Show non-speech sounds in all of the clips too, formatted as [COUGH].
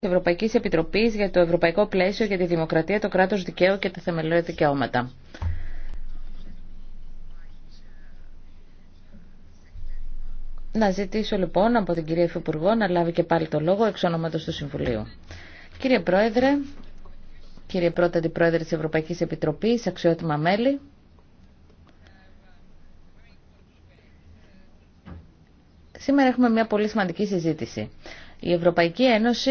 της Ευρωπαϊκής Επιτροπής για το Ευρωπαϊκό Πλαίσιο για τη Δημοκρατία, το κράτος δικαίου και τα θεμελιώδη δικαιώματα. Να ζητήσω λοιπόν από την κυρία Υφυπουργό να λάβει και πάλι το λόγο εξ ονόματος του Συμβουλίου. Κύριε Πρόεδρε, κύριε Πρώτα Αντιπρόεδρε της Ευρωπαϊκής Επιτροπής, αξιότιμα μέλη, Σήμερα έχουμε μια πολύ σημαντική συζήτηση. Η Ευρωπαϊκή Ένωση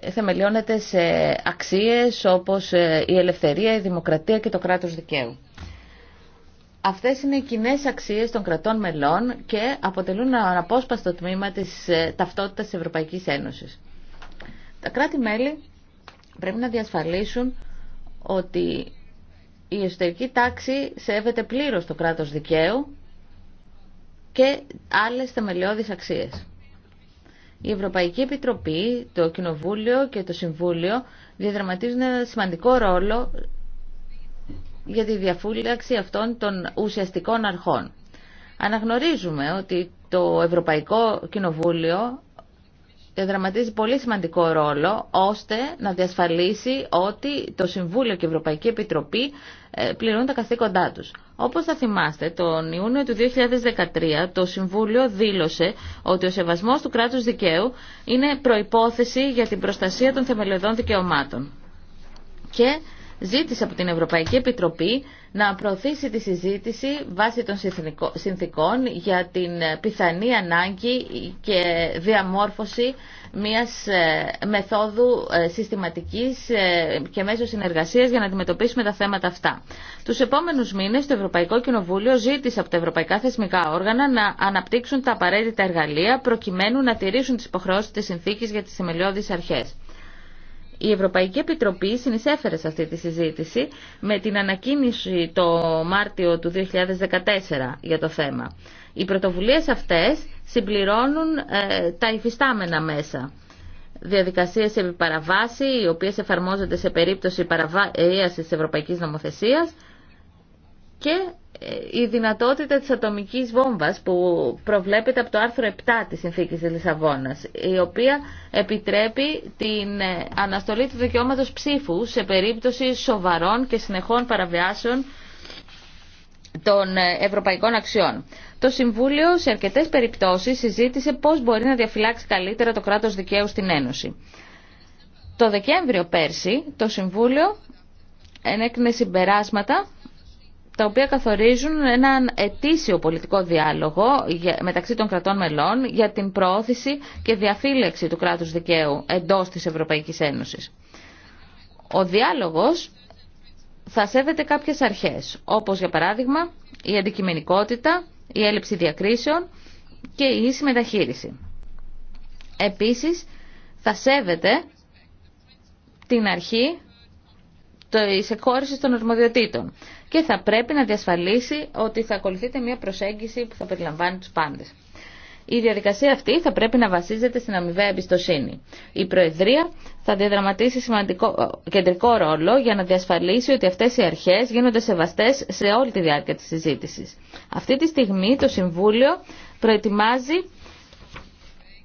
ε, θεμελιώνεται σε αξίες όπως ε, η ελευθερία, η δημοκρατία και το κράτος δικαίου. Αυτές είναι οι κοινέ αξίες των κρατών μελών και αποτελούν ένα αναπόσπαστο τμήμα της ε, ταυτότητας της Ευρωπαϊκής Ένωσης. Τα κράτη-μέλη πρέπει να διασφαλίσουν ότι η εσωτερική τάξη σέβεται πλήρως το κράτος δικαίου και άλλες θεμελιώδεις αξίες η Ευρωπαϊκή Επιτροπή, το Κοινοβούλιο και το Συμβούλιο διαδραματίζουν ένα σημαντικό ρόλο για τη διαφύλαξη αυτών των ουσιαστικών αρχών. Αναγνωρίζουμε ότι το Ευρωπαϊκό Κοινοβούλιο δραματίζει πολύ σημαντικό ρόλο ώστε να διασφαλίσει ότι το Συμβούλιο και η Ευρωπαϊκή Επιτροπή ε, πληρούν τα καθήκοντά τους. Όπως θα θυμάστε, τον Ιούνιο του 2013 το Συμβούλιο δήλωσε ότι ο σεβασμός του κράτους δικαίου είναι προϋπόθεση για την προστασία των θεμελιωδών δικαιωμάτων ζήτησε από την Ευρωπαϊκή Επιτροπή να προωθήσει τη συζήτηση βάσει των συνθήκων για την πιθανή ανάγκη και διαμόρφωση μιας ε, μεθόδου ε, συστηματικής ε, και μέσω συνεργασίας για να αντιμετωπίσουμε τα θέματα αυτά. Τους επόμενους μήνες το Ευρωπαϊκό Κοινοβούλιο ζήτησε από τα ευρωπαϊκά θεσμικά όργανα να αναπτύξουν τα απαραίτητα εργαλεία προκειμένου να τηρήσουν τις υποχρεώσεις της συνθήκης για τις θεμελιώδεις αρχές. Η Ευρωπαϊκή Επιτροπή συνεισέφερε σε αυτή τη συζήτηση με την ανακοίνηση το Μάρτιο του 2014 για το θέμα. Οι πρωτοβουλίες αυτές συμπληρώνουν ε, τα υφιστάμενα μέσα. Διαδικασίες επί παραβάση, οι οποίες εφαρμόζονται σε περίπτωση παραβίασης της Ευρωπαϊκής Νομοθεσίας, και ε, η δυνατότητα της ατομικής βόμβας που προβλέπεται από το άρθρο 7 της Συνθήκης της Λισαβόνας, η οποία επιτρέπει την ε, αναστολή του δικαιώματος ψήφου σε περίπτωση σοβαρών και συνεχών παραβιάσεων των ε, ευρωπαϊκών αξιών. Το Συμβούλιο σε αρκετές περιπτώσεις συζήτησε πώς μπορεί να διαφυλάξει καλύτερα το κράτος δικαίου στην Ένωση. Το Δεκέμβριο πέρσι το Συμβούλιο ενέκρινε συμπεράσματα τα οποία καθορίζουν έναν ετήσιο πολιτικό διάλογο μεταξύ των κρατών μελών για την προώθηση και διαφύλεξη του κράτους δικαίου εντός της Ευρωπαϊκής Ένωσης. Ο διάλογος θα σέβεται κάποιες αρχές, όπως για παράδειγμα η αντικειμενικότητα, η έλλειψη διακρίσεων και η ίση μεταχείριση. Επίσης, θα σέβεται την αρχή της εκχώρησης των αρμοδιοτήτων και θα πρέπει να διασφαλίσει ότι θα ακολουθείται μια προσέγγιση που θα περιλαμβάνει τους πάντες. Η διαδικασία αυτή θα πρέπει να βασίζεται στην αμοιβαία εμπιστοσύνη. Η Προεδρία θα διαδραματίσει σημαντικό, ε, κεντρικό ρόλο για να διασφαλίσει ότι αυτές οι αρχές γίνονται σεβαστές σε όλη τη διάρκεια της συζήτησης. Αυτή τη στιγμή το Συμβούλιο προετοιμάζει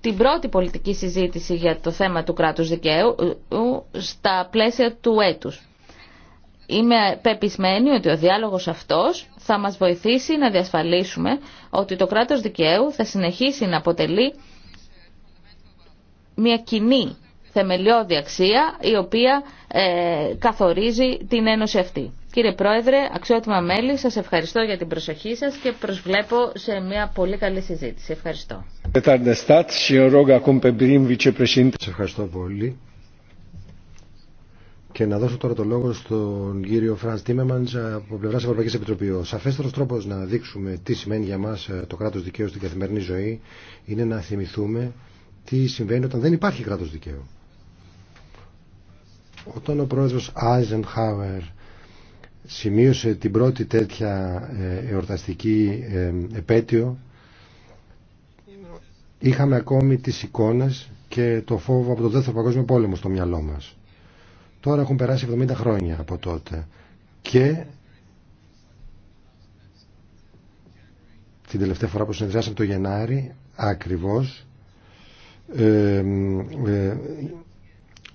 την πρώτη πολιτική συζήτηση για το θέμα του κράτους δικαίου ε, ε, στα πλαίσια του έτους. Είμαι πεπισμένη ότι ο διάλογος αυτός θα μας βοηθήσει να διασφαλίσουμε ότι το κράτος δικαίου θα συνεχίσει να αποτελεί μια κοινή θεμελιώδη αξία η οποία ε, καθορίζει την ένωση αυτή. Κύριε Πρόεδρε, αξιότιμα μέλη, σας ευχαριστώ για την προσοχή σας και προσβλέπω σε μια πολύ καλή συζήτηση. Ευχαριστώ. ευχαριστώ πολύ. Και να δώσω τώρα το λόγο στον κύριο Φραν Τίμεμαντ από πλευρά Ευρωπαϊκή Επιτροπή. Ο σαφέστερο τρόπο να δείξουμε τι σημαίνει για μα το κράτο δικαίου στην καθημερινή ζωή είναι να θυμηθούμε τι συμβαίνει όταν δεν υπάρχει κράτο δικαίου. Όταν ο πρόεδρο Άιζενχάουερ σημείωσε την πρώτη τέτοια ε, εορταστική ε, επέτειο είχαμε ακόμη τι εικόνε και το φόβο από τον δεύτερο παγκόσμιο πόλεμο στο μυαλό μας. Τώρα έχουν περάσει 70 χρόνια από τότε και την τελευταία φορά που συνεδριάσαμε το Γενάρη ακριβώς ε, ε,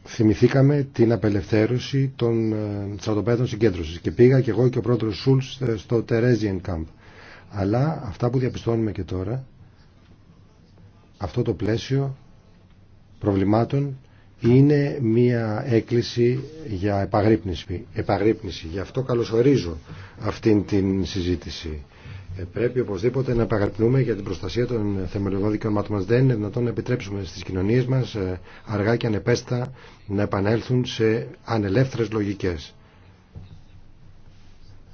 θυμηθήκαμε την απελευθέρωση των στρατοπέδων ε, συγκέντρωσης και πήγα και εγώ και ο πρόεδρος Σούλς στο Τερέζιεν Κάμπ αλλά αυτά που διαπιστώνουμε και τώρα αυτό το πλαίσιο προβλημάτων είναι μια έκκληση για επαγρύπνηση. επαγρύπνηση. Γι' αυτό καλωσορίζω αυτήν την συζήτηση. Ε, πρέπει οπωσδήποτε να επαγρυπνούμε για την προστασία των θεμελιωδών δικαιωμάτων μας. Δεν είναι δυνατόν να επιτρέψουμε στις κοινωνίες μας ε, αργά και ανεπέστα να επανέλθουν σε ανελεύθερες λογικές.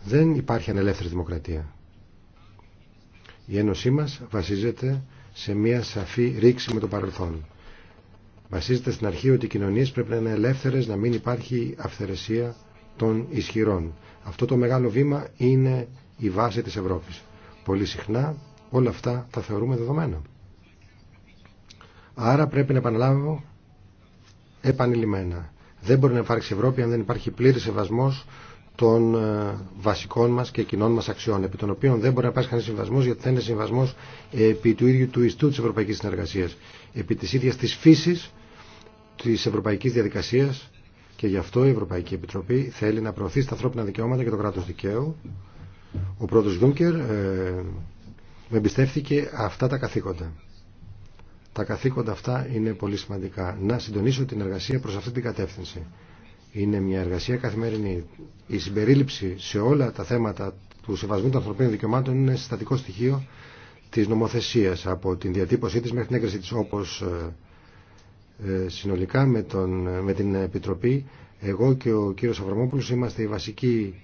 Δεν υπάρχει ανελεύθερη δημοκρατία. Η ένωσή μας βασίζεται σε μια σαφή ρήξη με το παρελθόν βασίζεται στην αρχή ότι οι κοινωνίες πρέπει να είναι ελεύθερες, να μην υπάρχει αυθαιρεσία των ισχυρών. Αυτό το μεγάλο βήμα είναι η βάση της Ευρώπης. Πολύ συχνά όλα αυτά τα θεωρούμε δεδομένα. Άρα πρέπει να επαναλάβω επανειλημμένα. Δεν μπορεί να υπάρξει Ευρώπη αν δεν υπάρχει πλήρη σεβασμό των ε, βασικών μα και κοινών μα αξιών, επί των οποίων δεν μπορεί να υπάρξει κανένα συμβασμό, γιατί θα είναι συμβασμό επί του ίδιου του ιστού τη ευρωπαϊκή συνεργασία, επί τη ίδια τη φύση Τη Ευρωπαϊκή Διαδικασία και γι' αυτό η Ευρωπαϊκή Επιτροπή θέλει να προωθήσει τα ανθρώπινα δικαιώματα και το κράτο δικαίου. Ο πρώτο Γιούνκερ ε, με εμπιστεύθηκε αυτά τα καθήκοντα. Τα καθήκοντα αυτά είναι πολύ σημαντικά. Να συντονίσω την εργασία προ αυτή την κατεύθυνση. Είναι μια εργασία καθημερινή. Η συμπερίληψη σε όλα τα θέματα του σεβασμού των ανθρωπίνων δικαιωμάτων είναι συστατικό στοιχείο τη νομοθεσία από την διατύπωσή τη μέχρι την έγκριση τη όπω ε, ε, συνολικά με, τον, με την Επιτροπή εγώ και ο κύριος Αβραμόπουλος είμαστε οι βασικοί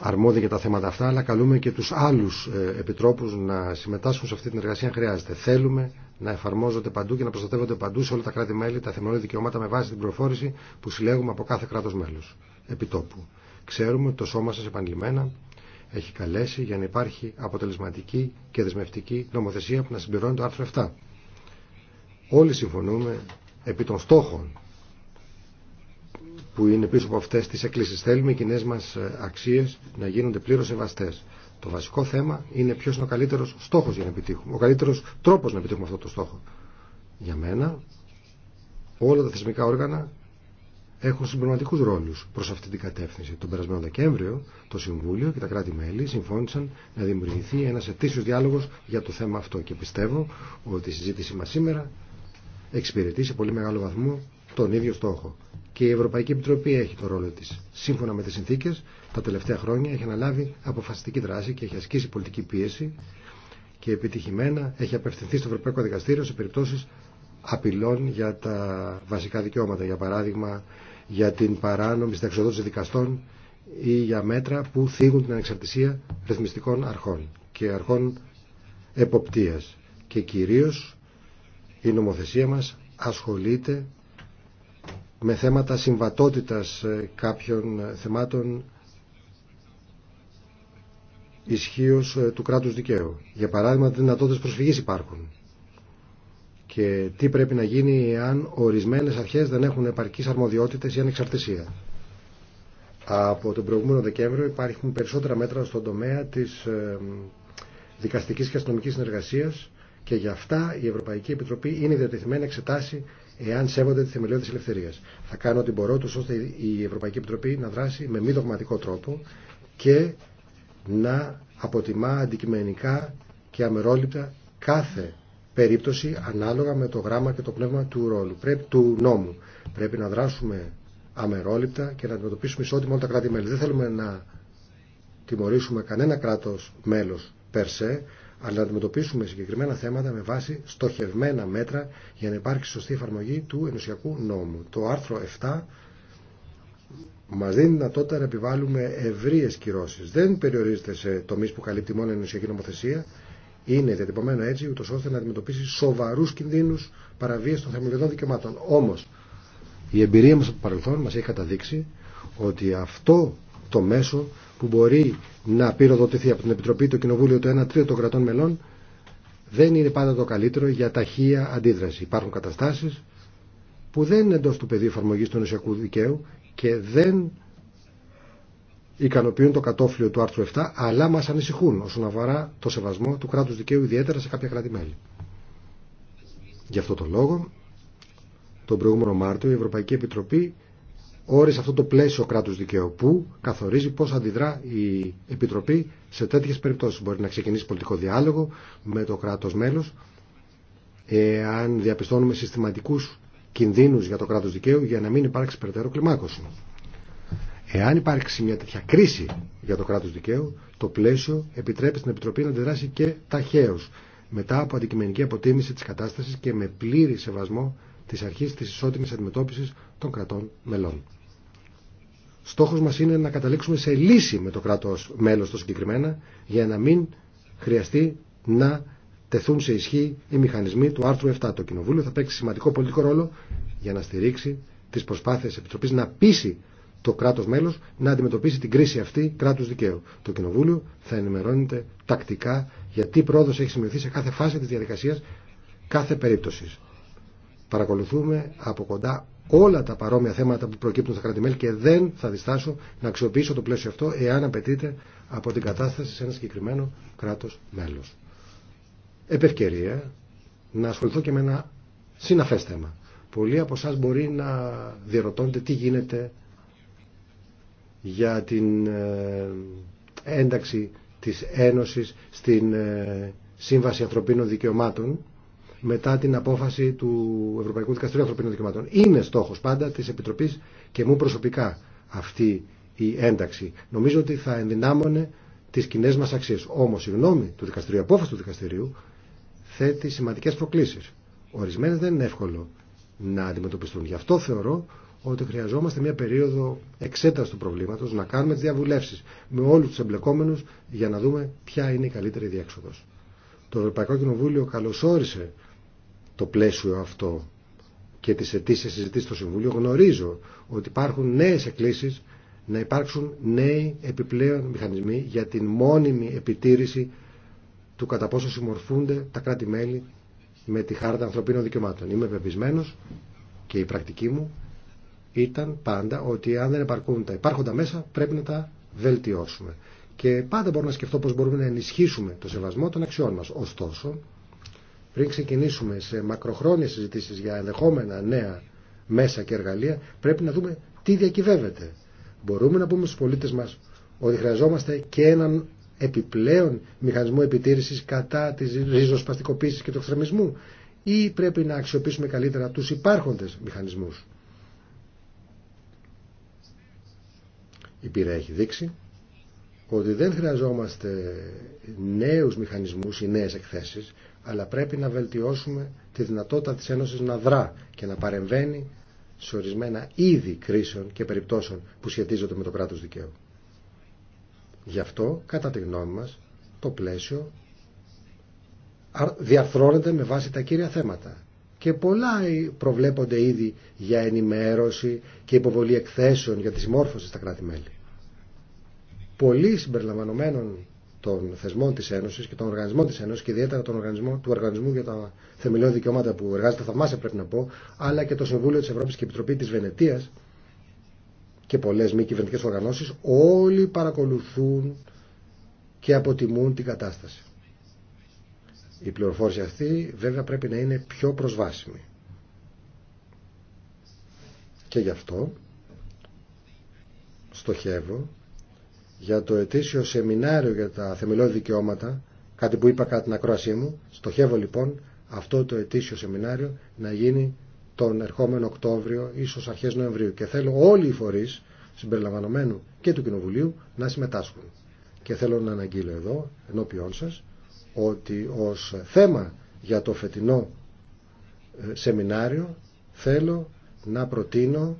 αρμόδιοι για τα θέματα αυτά αλλά καλούμε και τους άλλους ε, επιτρόπους να συμμετάσχουν σε αυτή την εργασία αν χρειάζεται. Θέλουμε να εφαρμόζονται παντού και να προστατεύονται παντού σε όλα τα κράτη-μέλη τα θεμελιώδη δικαιώματα με βάση την προφόρηση που συλλέγουμε από κάθε κράτος μέλος επιτόπου. Ξέρουμε ότι το σώμα σας επανειλημμένα έχει καλέσει για να υπάρχει αποτελεσματική και δεσμευτική νομοθεσία που να συμπληρώνει το άρθρο 7 Όλοι συμφωνούμε επί των στόχων που είναι πίσω από αυτές τις εκκλήσεις. Θέλουμε οι κοινέ μας ε, αξίες να γίνονται πλήρως σεβαστές. Το βασικό θέμα είναι ποιος είναι ο καλύτερος στόχος για να επιτύχουμε, ο καλύτερος τρόπος να επιτύχουμε αυτό το στόχο. Για μένα όλα τα θεσμικά όργανα έχουν συμπληρωματικού ρόλου προ αυτή την κατεύθυνση. Τον περασμένο Δεκέμβριο, το Συμβούλιο και τα κράτη-μέλη συμφώνησαν να δημιουργηθεί ένα ετήσιο διάλογο για το θέμα αυτό. Και πιστεύω ότι η συζήτησή μα σήμερα εξυπηρετεί σε πολύ μεγάλο βαθμό τον ίδιο στόχο. Και η Ευρωπαϊκή Επιτροπή έχει το ρόλο τη. Σύμφωνα με τι συνθήκε, τα τελευταία χρόνια έχει αναλάβει αποφασιστική δράση και έχει ασκήσει πολιτική πίεση και επιτυχημένα έχει απευθυνθεί στο Ευρωπαϊκό Δικαστήριο σε περιπτώσει απειλών για τα βασικά δικαιώματα. Για παράδειγμα, για την παράνομη συνταξιοδότηση δικαστών ή για μέτρα που θίγουν την ανεξαρτησία ρυθμιστικών αρχών και αρχών εποπτείας και κυρίως η νομοθεσία μας ασχολείται με θέματα συμβατότητας ε, κάποιων ε, θεμάτων ισχύω ε, του κράτους δικαίου. Για παράδειγμα, δυνατότητες προσφυγής υπάρχουν. Και τι πρέπει να γίνει αν ορισμένες αρχές δεν έχουν επαρκείς αρμοδιότητες ή ανεξαρτησία. Από τον προηγούμενο Δεκέμβριο υπάρχουν περισσότερα μέτρα στον τομέα της δικαστικής και αστυνομικής συνεργασίας και για αυτά η Ευρωπαϊκή Επιτροπή είναι διατεθειμένη να εξετάσει εάν σέβονται τη θεμελιώδη ελευθερία. Θα κάνω ό,τι μπορώ τους, ώστε η Ευρωπαϊκή Επιτροπή να δράσει με μη δογματικό τρόπο και να αποτιμά αντικειμενικά και αμερόληπτα κάθε περίπτωση ανάλογα με το γράμμα και το πνεύμα του, ρόλου, πρέπει, του νόμου. Πρέπει να δράσουμε αμερόληπτα και να αντιμετωπίσουμε ισότιμα όλα τα κράτη-μέλη. Δεν θέλουμε να τιμωρήσουμε κανένα κράτος μέλος περσέ, αλλά να αντιμετωπίσουμε συγκεκριμένα θέματα με βάση στοχευμένα μέτρα για να υπάρξει σωστή εφαρμογή του ενωσιακού νόμου. Το άρθρο 7 μας δίνει δυνατότητα να επιβάλλουμε ευρείες κυρώσεις. Δεν περιορίζεται σε τομείς που καλύπτει μόνο η ενωσιακή νομοθεσία. Είναι διατυπωμένο έτσι ούτως ώστε να αντιμετωπίσει σοβαρούς κινδύνους παραβίαση των θεμελιωδών δικαιωμάτων. Όμως η εμπειρία μας από το παρελθόν μας έχει καταδείξει ότι αυτό το μέσο που μπορεί να πυροδοτηθεί από την Επιτροπή, το Κοινοβούλιο, το 1 τρίτο των κρατών μελών, δεν είναι πάντα το καλύτερο για ταχεία αντίδραση. Υπάρχουν καταστάσεις που δεν είναι εντός του πεδίου εφαρμογή του νοσιακού δικαίου και δεν ικανοποιούν το κατόφλιο του άρθρου 7, αλλά μας ανησυχούν όσον αφορά το σεβασμό του κράτους δικαίου, ιδιαίτερα σε κάποια κράτη-μέλη. Γι' αυτό το λόγο, τον προηγούμενο Μάρτιο, η Ευρωπαϊκή Επιτροπή όρισε αυτό το πλαίσιο κράτους δικαίου που καθορίζει πώς αντιδρά η Επιτροπή σε τέτοιες περιπτώσεις. Μπορεί να ξεκινήσει πολιτικό διάλογο με το κράτος μέλος αν διαπιστώνουμε συστηματικούς κινδύνους για το κράτος δικαίου για να μην υπάρξει περαιτέρω κλιμάκωση. Εάν υπάρξει μια τέτοια κρίση για το κράτος δικαίου, το πλαίσιο επιτρέπει στην Επιτροπή να αντιδράσει και ταχαίως, μετά από αντικειμενική αποτίμηση της κατάστασης και με πλήρη σεβασμό τη αρχή της ισότιμη αντιμετώπιση των κρατών μελών. Στόχος μας είναι να καταλήξουμε σε λύση με το κράτος μέλος το συγκεκριμένα για να μην χρειαστεί να τεθούν σε ισχύ οι μηχανισμοί του άρθρου 7. Το Κοινοβούλιο θα παίξει σημαντικό πολιτικό ρόλο για να στηρίξει τις προσπάθειες Επιτροπής να πείσει το κράτος μέλος να αντιμετωπίσει την κρίση αυτή κράτου δικαίου. Το Κοινοβούλιο θα ενημερώνεται τακτικά για τι πρόοδος έχει σημειωθεί σε κάθε φάση τη διαδικασία κάθε περίπτωση. Παρακολουθούμε από κοντά όλα τα παρόμοια θέματα που προκύπτουν στα κράτη-μέλη και δεν θα διστάσω να αξιοποιήσω το πλαίσιο αυτό εάν απαιτείται από την κατάσταση σε ένα συγκεκριμένο κράτο-μέλο. Επευκαιρία να ασχοληθώ και με ένα συναφέ θέμα. Πολλοί από εσά μπορεί να διαρωτώνται τι γίνεται για την ε, ένταξη της Ένωσης στην ε, Σύμβαση Ανθρωπίνων Δικαιωμάτων μετά την απόφαση του Ευρωπαϊκού Δικαστηρίου Ανθρωπίνων Δικαιωμάτων. Είναι στόχος πάντα της Επιτροπής και μου προσωπικά αυτή η ένταξη. Νομίζω ότι θα ενδυνάμωνε τις κοινέ μας αξίες. Όμως η γνώμη του δικαστηρίου, η απόφαση του δικαστηρίου θέτει σημαντικές προκλήσεις. Ορισμένε δεν είναι εύκολο να αντιμετωπιστούν. Γι' αυτό θεωρώ ότι χρειαζόμαστε μια περίοδο εξέταση του προβλήματο, να κάνουμε τι διαβουλεύσει με όλου του εμπλεκόμενου για να δούμε ποια είναι η καλύτερη διέξοδο. Το Ευρωπαϊκό Κοινοβούλιο καλωσόρισε το πλαίσιο αυτό και τις αιτήσεις συζητήσεις στο Συμβούλιο γνωρίζω ότι υπάρχουν νέες εκκλήσεις να υπάρξουν νέοι επιπλέον μηχανισμοί για την μόνιμη επιτήρηση του κατά πόσο συμμορφούνται τα κράτη-μέλη με τη Χάρτα Ανθρωπίνων Δικαιωμάτων. Είμαι πεπισμένο και η πρακτική μου ήταν πάντα ότι αν δεν επαρκούν τα υπάρχοντα μέσα πρέπει να τα βελτιώσουμε. Και πάντα μπορώ να σκεφτώ πώς μπορούμε να ενισχύσουμε το σεβασμό των αξιών μας. Ωστόσο, πριν ξεκινήσουμε σε μακροχρόνιες συζητήσεις για ενδεχόμενα νέα μέσα και εργαλεία, πρέπει να δούμε τι διακυβεύεται. Μπορούμε να πούμε στους πολίτες μας ότι χρειαζόμαστε και έναν επιπλέον μηχανισμό επιτήρησης κατά της ριζοσπαστικοποίησης και του εξτρεμισμού ή πρέπει να αξιοποιήσουμε καλύτερα τους υπάρχοντες μηχανισμούς. Η πείρα έχει δείξει ότι δεν χρειαζόμαστε νέους μηχανισμούς ή νέες εκθέσεις αλλά πρέπει να βελτιώσουμε τη δυνατότητα της Ένωσης να δρά και να παρεμβαίνει σε ορισμένα είδη κρίσεων και περιπτώσεων που σχετίζονται με το κράτος δικαίου. Γι' αυτό, κατά τη γνώμη μας, το πλαίσιο διαρθρώνεται με βάση τα κύρια θέματα. Και πολλά ε, προβλέπονται ήδη για ενημέρωση και υποβολή εκθέσεων για τη συμμόρφωση στα κράτη-μέλη. Πολλοί συμπεριλαμβανομένων των θεσμών της Ένωσης και των οργανισμών της Ένωσης και ιδιαίτερα τον οργανισμό, του Οργανισμού για τα Θεμελιώδη Δικαιώματα που εργάζεται θαυμάσια πρέπει να πω, αλλά και το Συμβούλιο της Ευρώπης και η Επιτροπή της Βενετίας και πολλές μη κυβερνητικέ οργανώσεις, όλοι παρακολουθούν και αποτιμούν την κατάσταση. Η πληροφόρηση αυτή βέβαια πρέπει να είναι πιο προσβάσιμη. Και γι' αυτό στοχεύω για το ετήσιο σεμινάριο για τα θεμελιώδη δικαιώματα, κάτι που είπα κατά την ακρόασή μου. Στοχεύω λοιπόν αυτό το ετήσιο σεμινάριο να γίνει τον ερχόμενο Οκτώβριο, ίσω αρχές Νοεμβρίου. Και θέλω όλοι οι φορείς, συμπεριλαμβανομένου και του Κοινοβουλίου, να συμμετάσχουν. Και θέλω να αναγγείλω εδώ, ενώπιόν σα ότι ω θέμα για το φετινό ε, σεμινάριο θέλω να προτείνω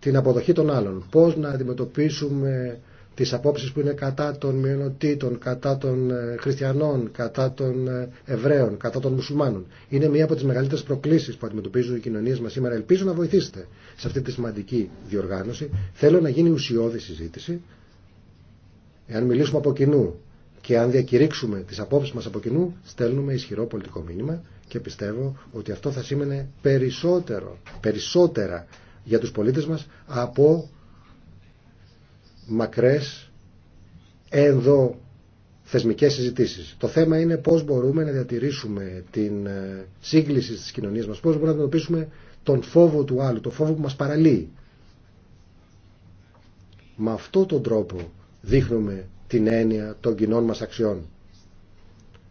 την αποδοχή των άλλων. Πώς να αντιμετωπίσουμε τις απόψεις που είναι κατά των μειονοτήτων, κατά των ε, χριστιανών, κατά των ε, Εβραίων, κατά των μουσουλμάνων. Είναι μία από τις μεγαλύτερες προκλήσεις που αντιμετωπίζουν οι κοινωνίες μας σήμερα. Ελπίζω να βοηθήσετε σε αυτή τη σημαντική διοργάνωση. Θέλω να γίνει ουσιώδη συζήτηση. Εάν μιλήσουμε από κοινού και αν διακηρύξουμε τις απόψεις μας από κοινού, στέλνουμε ισχυρό πολιτικό μήνυμα και πιστεύω ότι αυτό θα σήμαινε περισσότερο, περισσότερα για τους πολίτες μας από μακρές ενδο θεσμικές συζητήσεις. Το θέμα είναι πώς μπορούμε να διατηρήσουμε την ε, σύγκληση της κοινωνίας μας, πώς μπορούμε να αντιμετωπίσουμε τον φόβο του άλλου, τον φόβο που μας παραλύει. Με αυτό τον τρόπο δείχνουμε την έννοια των κοινών μας αξιών.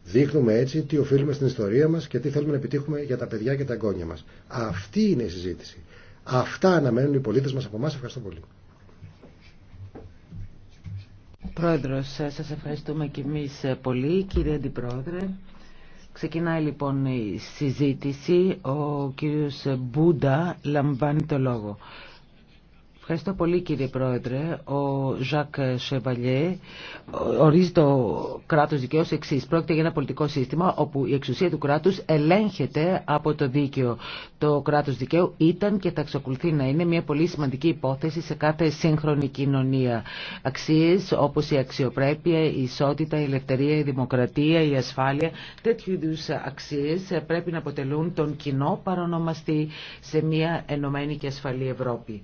Δείχνουμε έτσι τι οφείλουμε στην ιστορία μας και τι θέλουμε να επιτύχουμε για τα παιδιά και τα εγγόνια μας. Αυτή είναι η συζήτηση. Αυτά αναμένουν οι πολίτες μας από εμάς. Ευχαριστώ πολύ. Πρόεδρος, ε, σας ευχαριστούμε και εμείς ε, πολύ. Κύριε Αντιπρόεδρε, ξεκινάει λοιπόν η συζήτηση. Ο κύριος Μπούντα λαμβάνει το λόγο. Ευχαριστώ πολύ κύριε Πρόεδρε. Ο Ζακ Σεβαλιέ ορίζει το κράτος δικαίως εξή. Πρόκειται για ένα πολιτικό σύστημα όπου η εξουσία του κράτους ελέγχεται από το δίκαιο. Το κράτος δικαίου ήταν και θα εξακολουθεί να είναι μια πολύ σημαντική υπόθεση σε κάθε σύγχρονη κοινωνία. Αξίες όπως η αξιοπρέπεια, η ισότητα, η ελευθερία, η δημοκρατία, η ασφάλεια, τέτοιου είδου αξίες πρέπει να αποτελούν τον κοινό παρονομαστή σε μια ενωμένη και ασφαλή Ευρώπη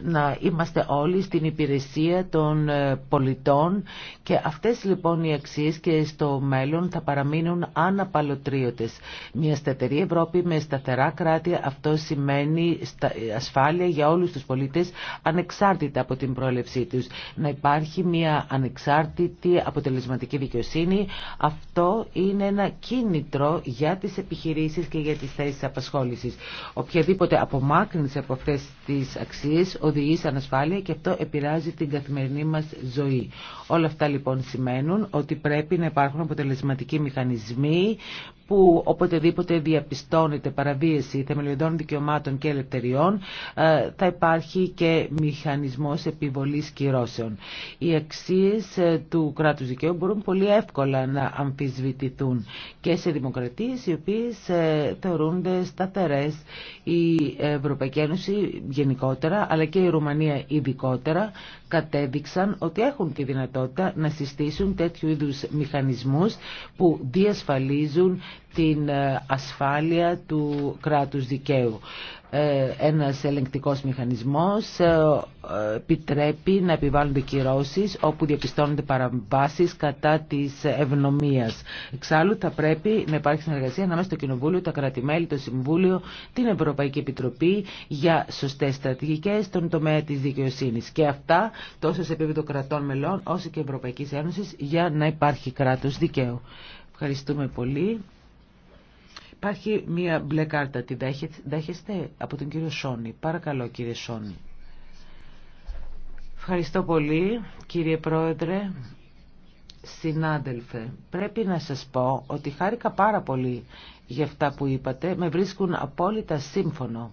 να είμαστε όλοι στην υπηρεσία των ε, πολιτών και αυτές λοιπόν οι αξίες και στο μέλλον θα παραμείνουν αναπαλωτρίωτες. Μια σταθερή Ευρώπη με σταθερά κράτη αυτό σημαίνει ε, ασφάλεια για όλους τους πολίτες ανεξάρτητα από την πρόλευσή τους. Να υπάρχει μια ανεξάρτητη αποτελεσματική δικαιοσύνη. Αυτό είναι ένα κίνητρο για τις επιχειρήσεις και για τις θέσεις απασχόλησης. Οποιαδήποτε απομάκρυνση από αυτές τις αξίες οδηγεί σε ανασφάλεια και αυτό επηρεάζει την καθημερινή μας ζωή. Όλα αυτά λοιπόν σημαίνουν ότι πρέπει να υπάρχουν αποτελεσματικοί μηχανισμοί που οποτεδήποτε διαπιστώνεται παραβίαση θεμελιωδών δικαιωμάτων και ελευθεριών ε, θα υπάρχει και μηχανισμός επιβολής κυρώσεων. Οι αξίες ε, του κράτους δικαίου μπορούν πολύ εύκολα να αμφισβητηθούν και σε δημοκρατίες οι οποίες ε, θεωρούνται σταθερές. Η Ευρωπαϊκή Ένωση γενικότερα αλλά και η Ρουμανία ειδικότερα κατέδειξαν ότι έχουν τη δυνατότητα να συστήσουν τέτοιου είδους μηχανισμούς που διασφαλίζουν την ε, ασφάλεια του κράτους δικαίου. Ε, ένας ελεγκτικός μηχανισμός ε, επιτρέπει να επιβάλλονται κυρώσεις όπου διαπιστώνονται παραβάσεις κατά της ευνομίας. Εξάλλου θα πρέπει να υπάρχει συνεργασία ανάμεσα στο Κοινοβούλιο, τα κρατημέλη, το Συμβούλιο, την Ευρωπαϊκή Επιτροπή για σωστές στρατηγικές στον τομέα της δικαιοσύνης. Και αυτά τόσο σε επίπεδο κρατών μελών όσο και Ευρωπαϊκής Ένωσης για να υπάρχει κράτος δικαίου. Ευχαριστούμε πολύ. Υπάρχει μία μπλε κάρτα, την δέχεστε από τον κύριο Σόνι. Παρακαλώ κύριε Σόνι. Ευχαριστώ πολύ κύριε Πρόεδρε. Συνάδελφε, πρέπει να σας πω ότι χάρηκα πάρα πολύ για αυτά που είπατε. Με βρίσκουν απόλυτα σύμφωνο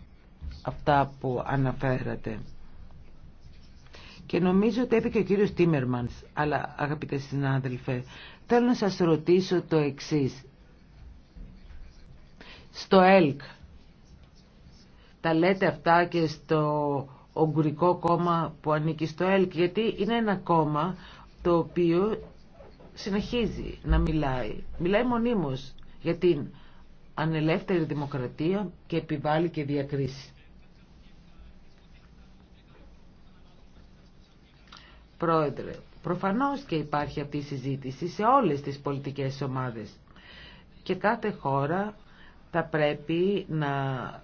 αυτά που αναφέρατε. Και νομίζω ότι έπαιξε και ο κύριος Τίμερμανς, αλλά αγαπητέ συνάδελφε, θέλω να σας ρωτήσω το εξής στο ΕΛΚ. Τα λέτε αυτά και στο Ογκουρικό κόμμα που ανήκει στο ΕΛΚ, γιατί είναι ένα κόμμα το οποίο συνεχίζει να μιλάει. Μιλάει μονίμως για την ανελεύθερη δημοκρατία και επιβάλλει και διακρίση. Πρόεδρε, προφανώς και υπάρχει αυτή η συζήτηση σε όλες τις πολιτικές ομάδες. Και κάθε χώρα θα πρέπει να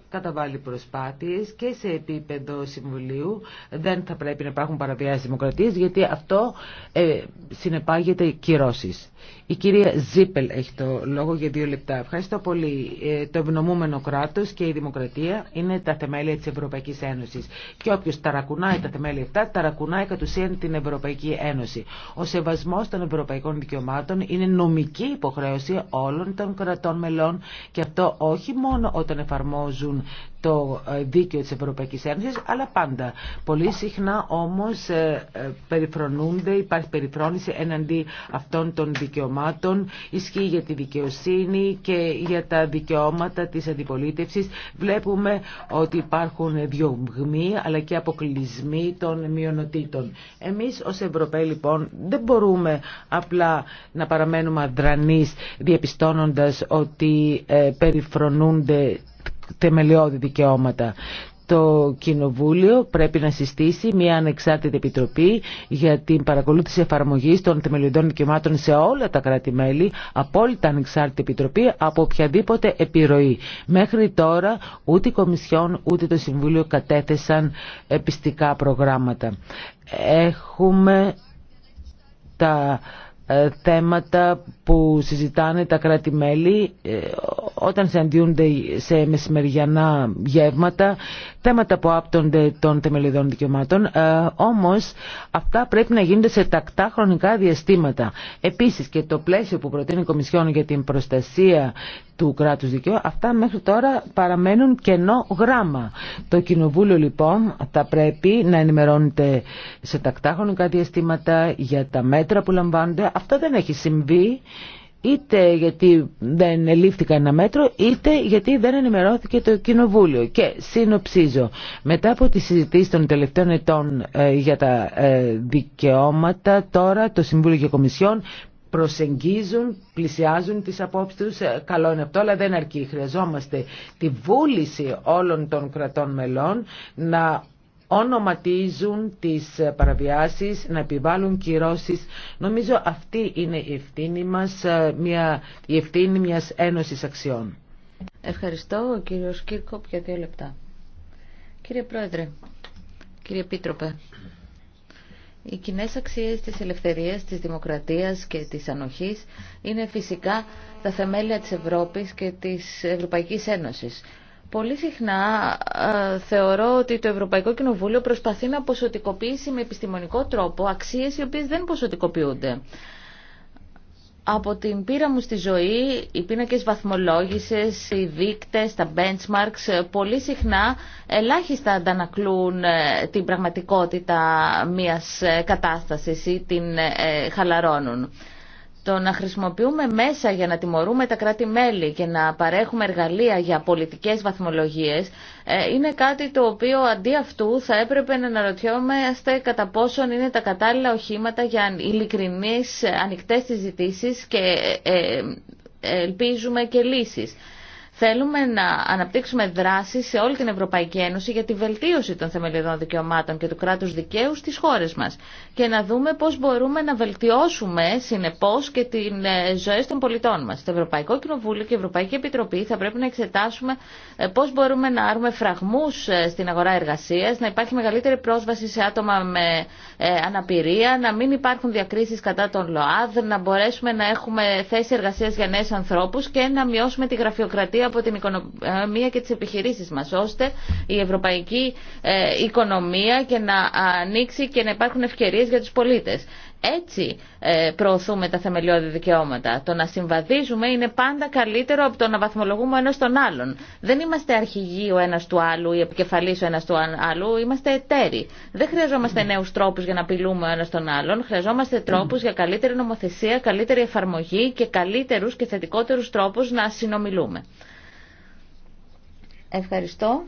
καταβάλει προσπάθειες και σε επίπεδο συμβουλίου δεν θα πρέπει να υπάρχουν παραβιάσεις δημοκρατίας γιατί αυτό ε, συνεπάγεται κυρώσεις. Η κυρία Ζίπελ έχει το λόγο για δύο λεπτά. Ευχαριστώ πολύ. Ε, το ευνομούμενο κράτος και η δημοκρατία είναι τα θεμέλια της Ευρωπαϊκής Ένωσης. Και όποιος ταρακουνάει τα θεμέλια αυτά, ταρακουνάει κατ' ουσίαν την Ευρωπαϊκή Ένωση. Ο σεβασμός των ευρωπαϊκών δικαιωμάτων είναι νομική υποχρέωση όλων των κρατών μελών και αυτό όχι μόνο όταν εφαρμόζουν το ε, δίκαιο της Ευρωπαϊκής Ένωσης, αλλά πάντα. Πολύ συχνά όμως ε, ε, περιφρονούνται, υπάρχει περιφρόνηση έναντι αυτών των δικαιωμάτων, ισχύει για τη δικαιοσύνη και για τα δικαιώματα της αντιπολίτευσης. Βλέπουμε ότι υπάρχουν διωγμοί αλλά και αποκλεισμοί των μειονοτήτων. Εμείς ως Ευρωπαίοι λοιπόν δεν μπορούμε απλά να παραμένουμε αδρανείς διαπιστώνοντας ότι περιφρονούνται θεμελιώδη δικαιώματα. Το Κοινοβούλιο πρέπει να συστήσει μια ανεξάρτητη επιτροπή για την παρακολούθηση εφαρμογή των θεμελιωδών δικαιωμάτων σε όλα τα κράτη-μέλη, απόλυτα ανεξάρτητη επιτροπή από οποιαδήποτε επιρροή. Μέχρι τώρα ούτε η Κομισιόν ούτε το Συμβούλιο κατέθεσαν επιστικά προγράμματα. Έχουμε τα ε, θέματα που συζητάνε τα κράτη-μέλη ε, όταν συναντιούνται σε μεσημεριανά γεύματα, θέματα που άπτονται των θεμελιδών δικαιωμάτων, ε, όμως αυτά πρέπει να γίνονται σε τακτά χρονικά διαστήματα. Επίσης και το πλαίσιο που προτείνει η Κομισιόν για την προστασία του κράτους δικαίου, αυτά μέχρι τώρα παραμένουν κενό γράμμα. Το Κοινοβούλιο λοιπόν θα πρέπει να ενημερώνεται σε τακτάχων χρονικά διαστήματα για τα μέτρα που λαμβάνονται. Αυτό δεν έχει συμβεί είτε γιατί δεν ελήφθηκα ένα μέτρο, είτε γιατί δεν ενημερώθηκε το Κοινοβούλιο. Και συνοψίζω, μετά από τις συζητήσεις των τελευταίων ετών ε, για τα ε, δικαιώματα, τώρα το Συμβούλιο και Κομισιόν προσεγγίζουν, πλησιάζουν τις απόψεις τους. Ε, καλό είναι αυτό, αλλά δεν αρκεί. Χρειαζόμαστε τη βούληση όλων των κρατών μελών να ονοματίζουν τις ε, παραβιάσεις, να επιβάλλουν κυρώσεις. Νομίζω αυτή είναι η ευθύνη μας, ε, μια, η ευθύνη μιας ένωσης αξιών. Ευχαριστώ, ο κύριος Κύρκοπ, για δύο λεπτά. Κύριε Πρόεδρε, κύριε Πίτροπε, οι κοινέ αξίες της ελευθερίας, της δημοκρατίας και της ανοχής είναι φυσικά τα θεμέλια της Ευρώπης και της Ευρωπαϊκής Ένωσης. Πολύ συχνά θεωρώ ότι το Ευρωπαϊκό Κοινοβούλιο προσπαθεί να ποσοτικοποιήσει με επιστημονικό τρόπο αξίες οι οποίες δεν ποσοτικοποιούνται από την πείρα μου στη ζωή, οι πίνακες βαθμολόγησης, οι δείκτες, τα benchmarks, πολύ συχνά ελάχιστα αντανακλούν ε, την πραγματικότητα μιας ε, κατάστασης ή την ε, χαλαρώνουν το να χρησιμοποιούμε μέσα για να τιμωρούμε τα κράτη-μέλη και να παρέχουμε εργαλεία για πολιτικές βαθμολογίες ε, είναι κάτι το οποίο αντί αυτού θα έπρεπε να αναρωτιόμαστε κατά πόσον είναι τα κατάλληλα οχήματα για ειλικρινείς ε, ανοιχτές συζητήσεις και ε, ελπίζουμε και λύσεις. Θέλουμε να αναπτύξουμε δράσεις σε όλη την Ευρωπαϊκή Ένωση για τη βελτίωση των θεμελιωδών δικαιωμάτων και του κράτους δικαίου στις χώρες μας και να δούμε πώς μπορούμε να βελτιώσουμε συνεπώς και τι ε, ζωέ των πολιτών μας. Στο Ευρωπαϊκό Κοινοβούλιο και η Ευρωπαϊκή Επιτροπή θα πρέπει να εξετάσουμε ε, πώς μπορούμε να άρουμε φραγμούς ε, στην αγορά εργασίας, να υπάρχει μεγαλύτερη πρόσβαση σε άτομα με αναπηρία, να μην υπάρχουν διακρίσεις κατά των ΛΟΑΔ, να μπορέσουμε να έχουμε θέσει εργασίας για νέους ανθρώπους και να μειώσουμε τη γραφειοκρατία από την οικονομία και τις επιχειρήσεις μας, ώστε η ευρωπαϊκή ε, οικονομία και να ανοίξει και να υπάρχουν ευκαιρίες για τους πολίτες. Έτσι ε, προωθούμε τα θεμελιώδη δικαιώματα. Το να συμβαδίζουμε είναι πάντα καλύτερο από το να βαθμολογούμε ο ένα τον άλλον. Δεν είμαστε αρχηγοί ο ένα του άλλου ή επικεφαλής ο ένα του άλλου, είμαστε εταίροι. Δεν χρειαζόμαστε νέους τρόπους για να απειλούμε ο ένα τον άλλον, χρειαζόμαστε τρόπου για καλύτερη νομοθεσία, καλύτερη εφαρμογή και καλύτερους και θετικότερου να συνομιλούμε. Ευχαριστώ.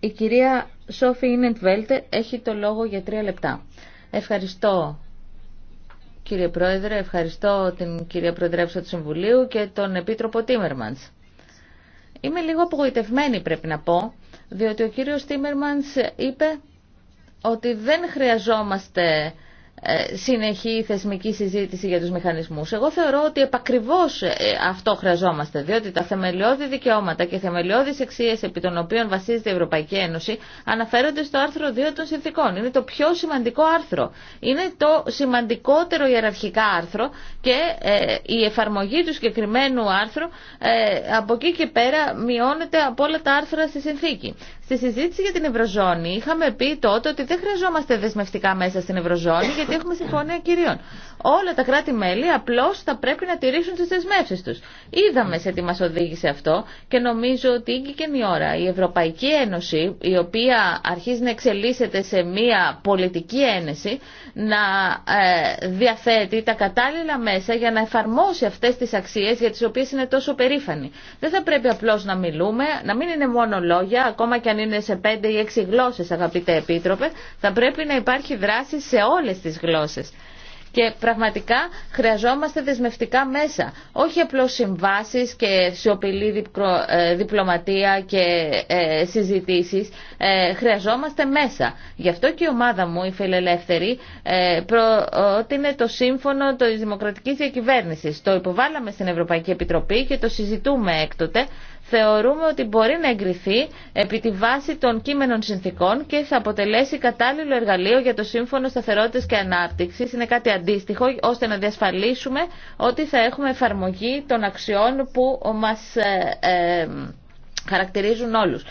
Η κυρία Σόφι Ινεντβέλτε έχει το λόγο για τρία λεπτά. Ευχαριστώ κύριε Πρόεδρε, ευχαριστώ την κυρία Προεδρεύουσα του Συμβουλίου και τον Επίτροπο Τίμερμαντς. Είμαι λίγο απογοητευμένη πρέπει να πω, διότι ο κύριος Τίμερμαντς είπε ότι δεν χρειαζόμαστε ε, συνεχή θεσμική συζήτηση για τους μηχανισμούς. Εγώ θεωρώ ότι επακριβώς ε, αυτό χρειαζόμαστε, διότι τα θεμελιώδη δικαιώματα και θεμελιώδεις εξίες επί των οποίων βασίζεται η Ευρωπαϊκή Ένωση αναφέρονται στο άρθρο 2 των συνθήκων. Είναι το πιο σημαντικό άρθρο. Είναι το σημαντικότερο ιεραρχικά άρθρο και ε, η εφαρμογή του συγκεκριμένου άρθρου από εκεί και πέρα μειώνεται από όλα τα άρθρα στη συνθήκη. Στη συζήτηση για την Ευρωζώνη είχαμε πει τότε ότι δεν χρειαζόμαστε δεσμευτικά μέσα στην Ευρωζώνη γιατί έχουμε συμφωνία κυρίων όλα τα κράτη-μέλη απλώ θα πρέπει να τηρήσουν τι δεσμεύσει του. Είδαμε σε τι μα οδήγησε αυτό και νομίζω ότι ήγηκε και η ώρα. Η Ευρωπαϊκή Ένωση, η οποία αρχίζει να εξελίσσεται σε μία πολιτική ένεση, να ε, διαθέτει τα κατάλληλα μέσα για να εφαρμόσει αυτέ τι αξίε για τι οποίε είναι τόσο περήφανοι. Δεν θα πρέπει απλώ να μιλούμε, να μην είναι μόνο λόγια, ακόμα και αν είναι σε πέντε ή έξι γλώσσες, αγαπητέ Επίτροπε, θα πρέπει να υπάρχει δράση σε όλε τι γλώσσε και πραγματικά χρειαζόμαστε δεσμευτικά μέσα. Όχι απλώς συμβάσεις και σιωπηλή ε, διπλωματία και ε, συζητήσεις. Ε, χρειαζόμαστε μέσα. Γι' αυτό και η ομάδα μου, η Φιλελεύθερη, είναι το σύμφωνο της Δημοκρατικής Διακυβέρνησης. Το υποβάλαμε στην Ευρωπαϊκή Επιτροπή και το συζητούμε έκτοτε θεωρούμε ότι μπορεί να εγκριθεί επί τη βάση των κείμενων συνθήκων και θα αποτελέσει κατάλληλο εργαλείο για το Σύμφωνο Σταθερότητα και Ανάπτυξη. Είναι κάτι αντίστοιχο, ώστε να διασφαλίσουμε ότι θα έχουμε εφαρμογή των αξιών που μα ε, ε, χαρακτηρίζουν όλους.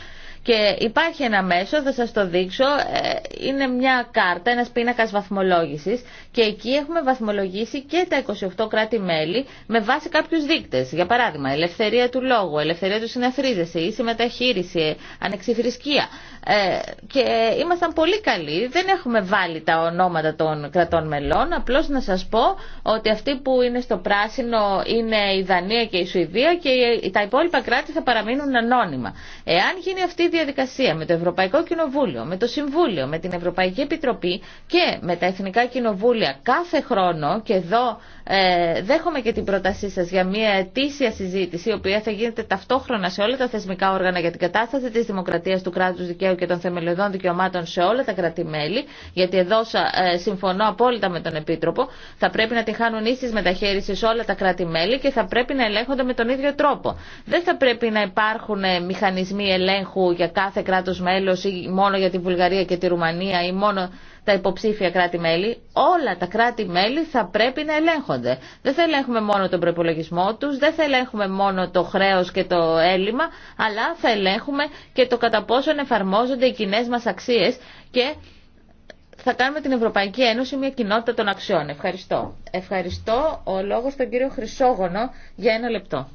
Και υπάρχει ένα μέσο, θα σας το δείξω, ε, είναι μια κάρτα, ένας πίνακας βαθμολόγησης και εκεί έχουμε βαθμολογήσει και τα 28 κράτη-μέλη με βάση κάποιους δείκτες. Για παράδειγμα, ελευθερία του λόγου, ελευθερία του συναθρίζεσαι, η μεταχείριση, ανεξιθρησκεία. Ε, και ήμασταν πολύ καλοί. Δεν έχουμε βάλει τα ονόματα των κρατών μελών. Απλώ να σα πω ότι αυτοί που είναι στο πράσινο είναι η Δανία και η Σουηδία και τα υπόλοιπα κράτη θα παραμείνουν ανώνυμα. Εάν γίνει αυτή η διαδικασία με το Ευρωπαϊκό Κοινοβούλιο, με το Συμβούλιο, με την Ευρωπαϊκή Επιτροπή και με τα Εθνικά Κοινοβούλια κάθε χρόνο και εδώ ε, δέχομαι και την πρότασή σας για μια ετήσια συζήτηση, η οποία θα γίνεται ταυτόχρονα σε όλα τα θεσμικά όργανα για την κατάσταση της δημοκρατίας του κράτους δικαίου και των θεμελιωδών δικαιωμάτων σε όλα τα κράτη-μέλη, γιατί εδώ ε, συμφωνώ απόλυτα με τον Επίτροπο, θα πρέπει να τη χάνουν ίσης μεταχείριση σε όλα τα κράτη-μέλη και θα πρέπει να ελέγχονται με τον ίδιο τρόπο. Δεν θα πρέπει να υπάρχουν ε, μηχανισμοί ελέγχου για κάθε κράτος μέλος ή μόνο για τη Βουλγαρία και τη Ρουμανία ή μόνο τα υποψήφια κράτη-μέλη, όλα τα κράτη-μέλη θα πρέπει να ελέγχονται. Δεν θα ελέγχουμε μόνο τον προπολογισμό τους, δεν θα ελέγχουμε μόνο το χρέος και το έλλειμμα, αλλά θα ελέγχουμε και το κατά πόσον εφαρμόζονται οι κοινέ μας αξίες και θα κάνουμε την Ευρωπαϊκή Ένωση μια κοινότητα των αξιών. Ευχαριστώ. Ευχαριστώ. Ο λόγο στον κύριο Χρυσόγονο για ένα λεπτό.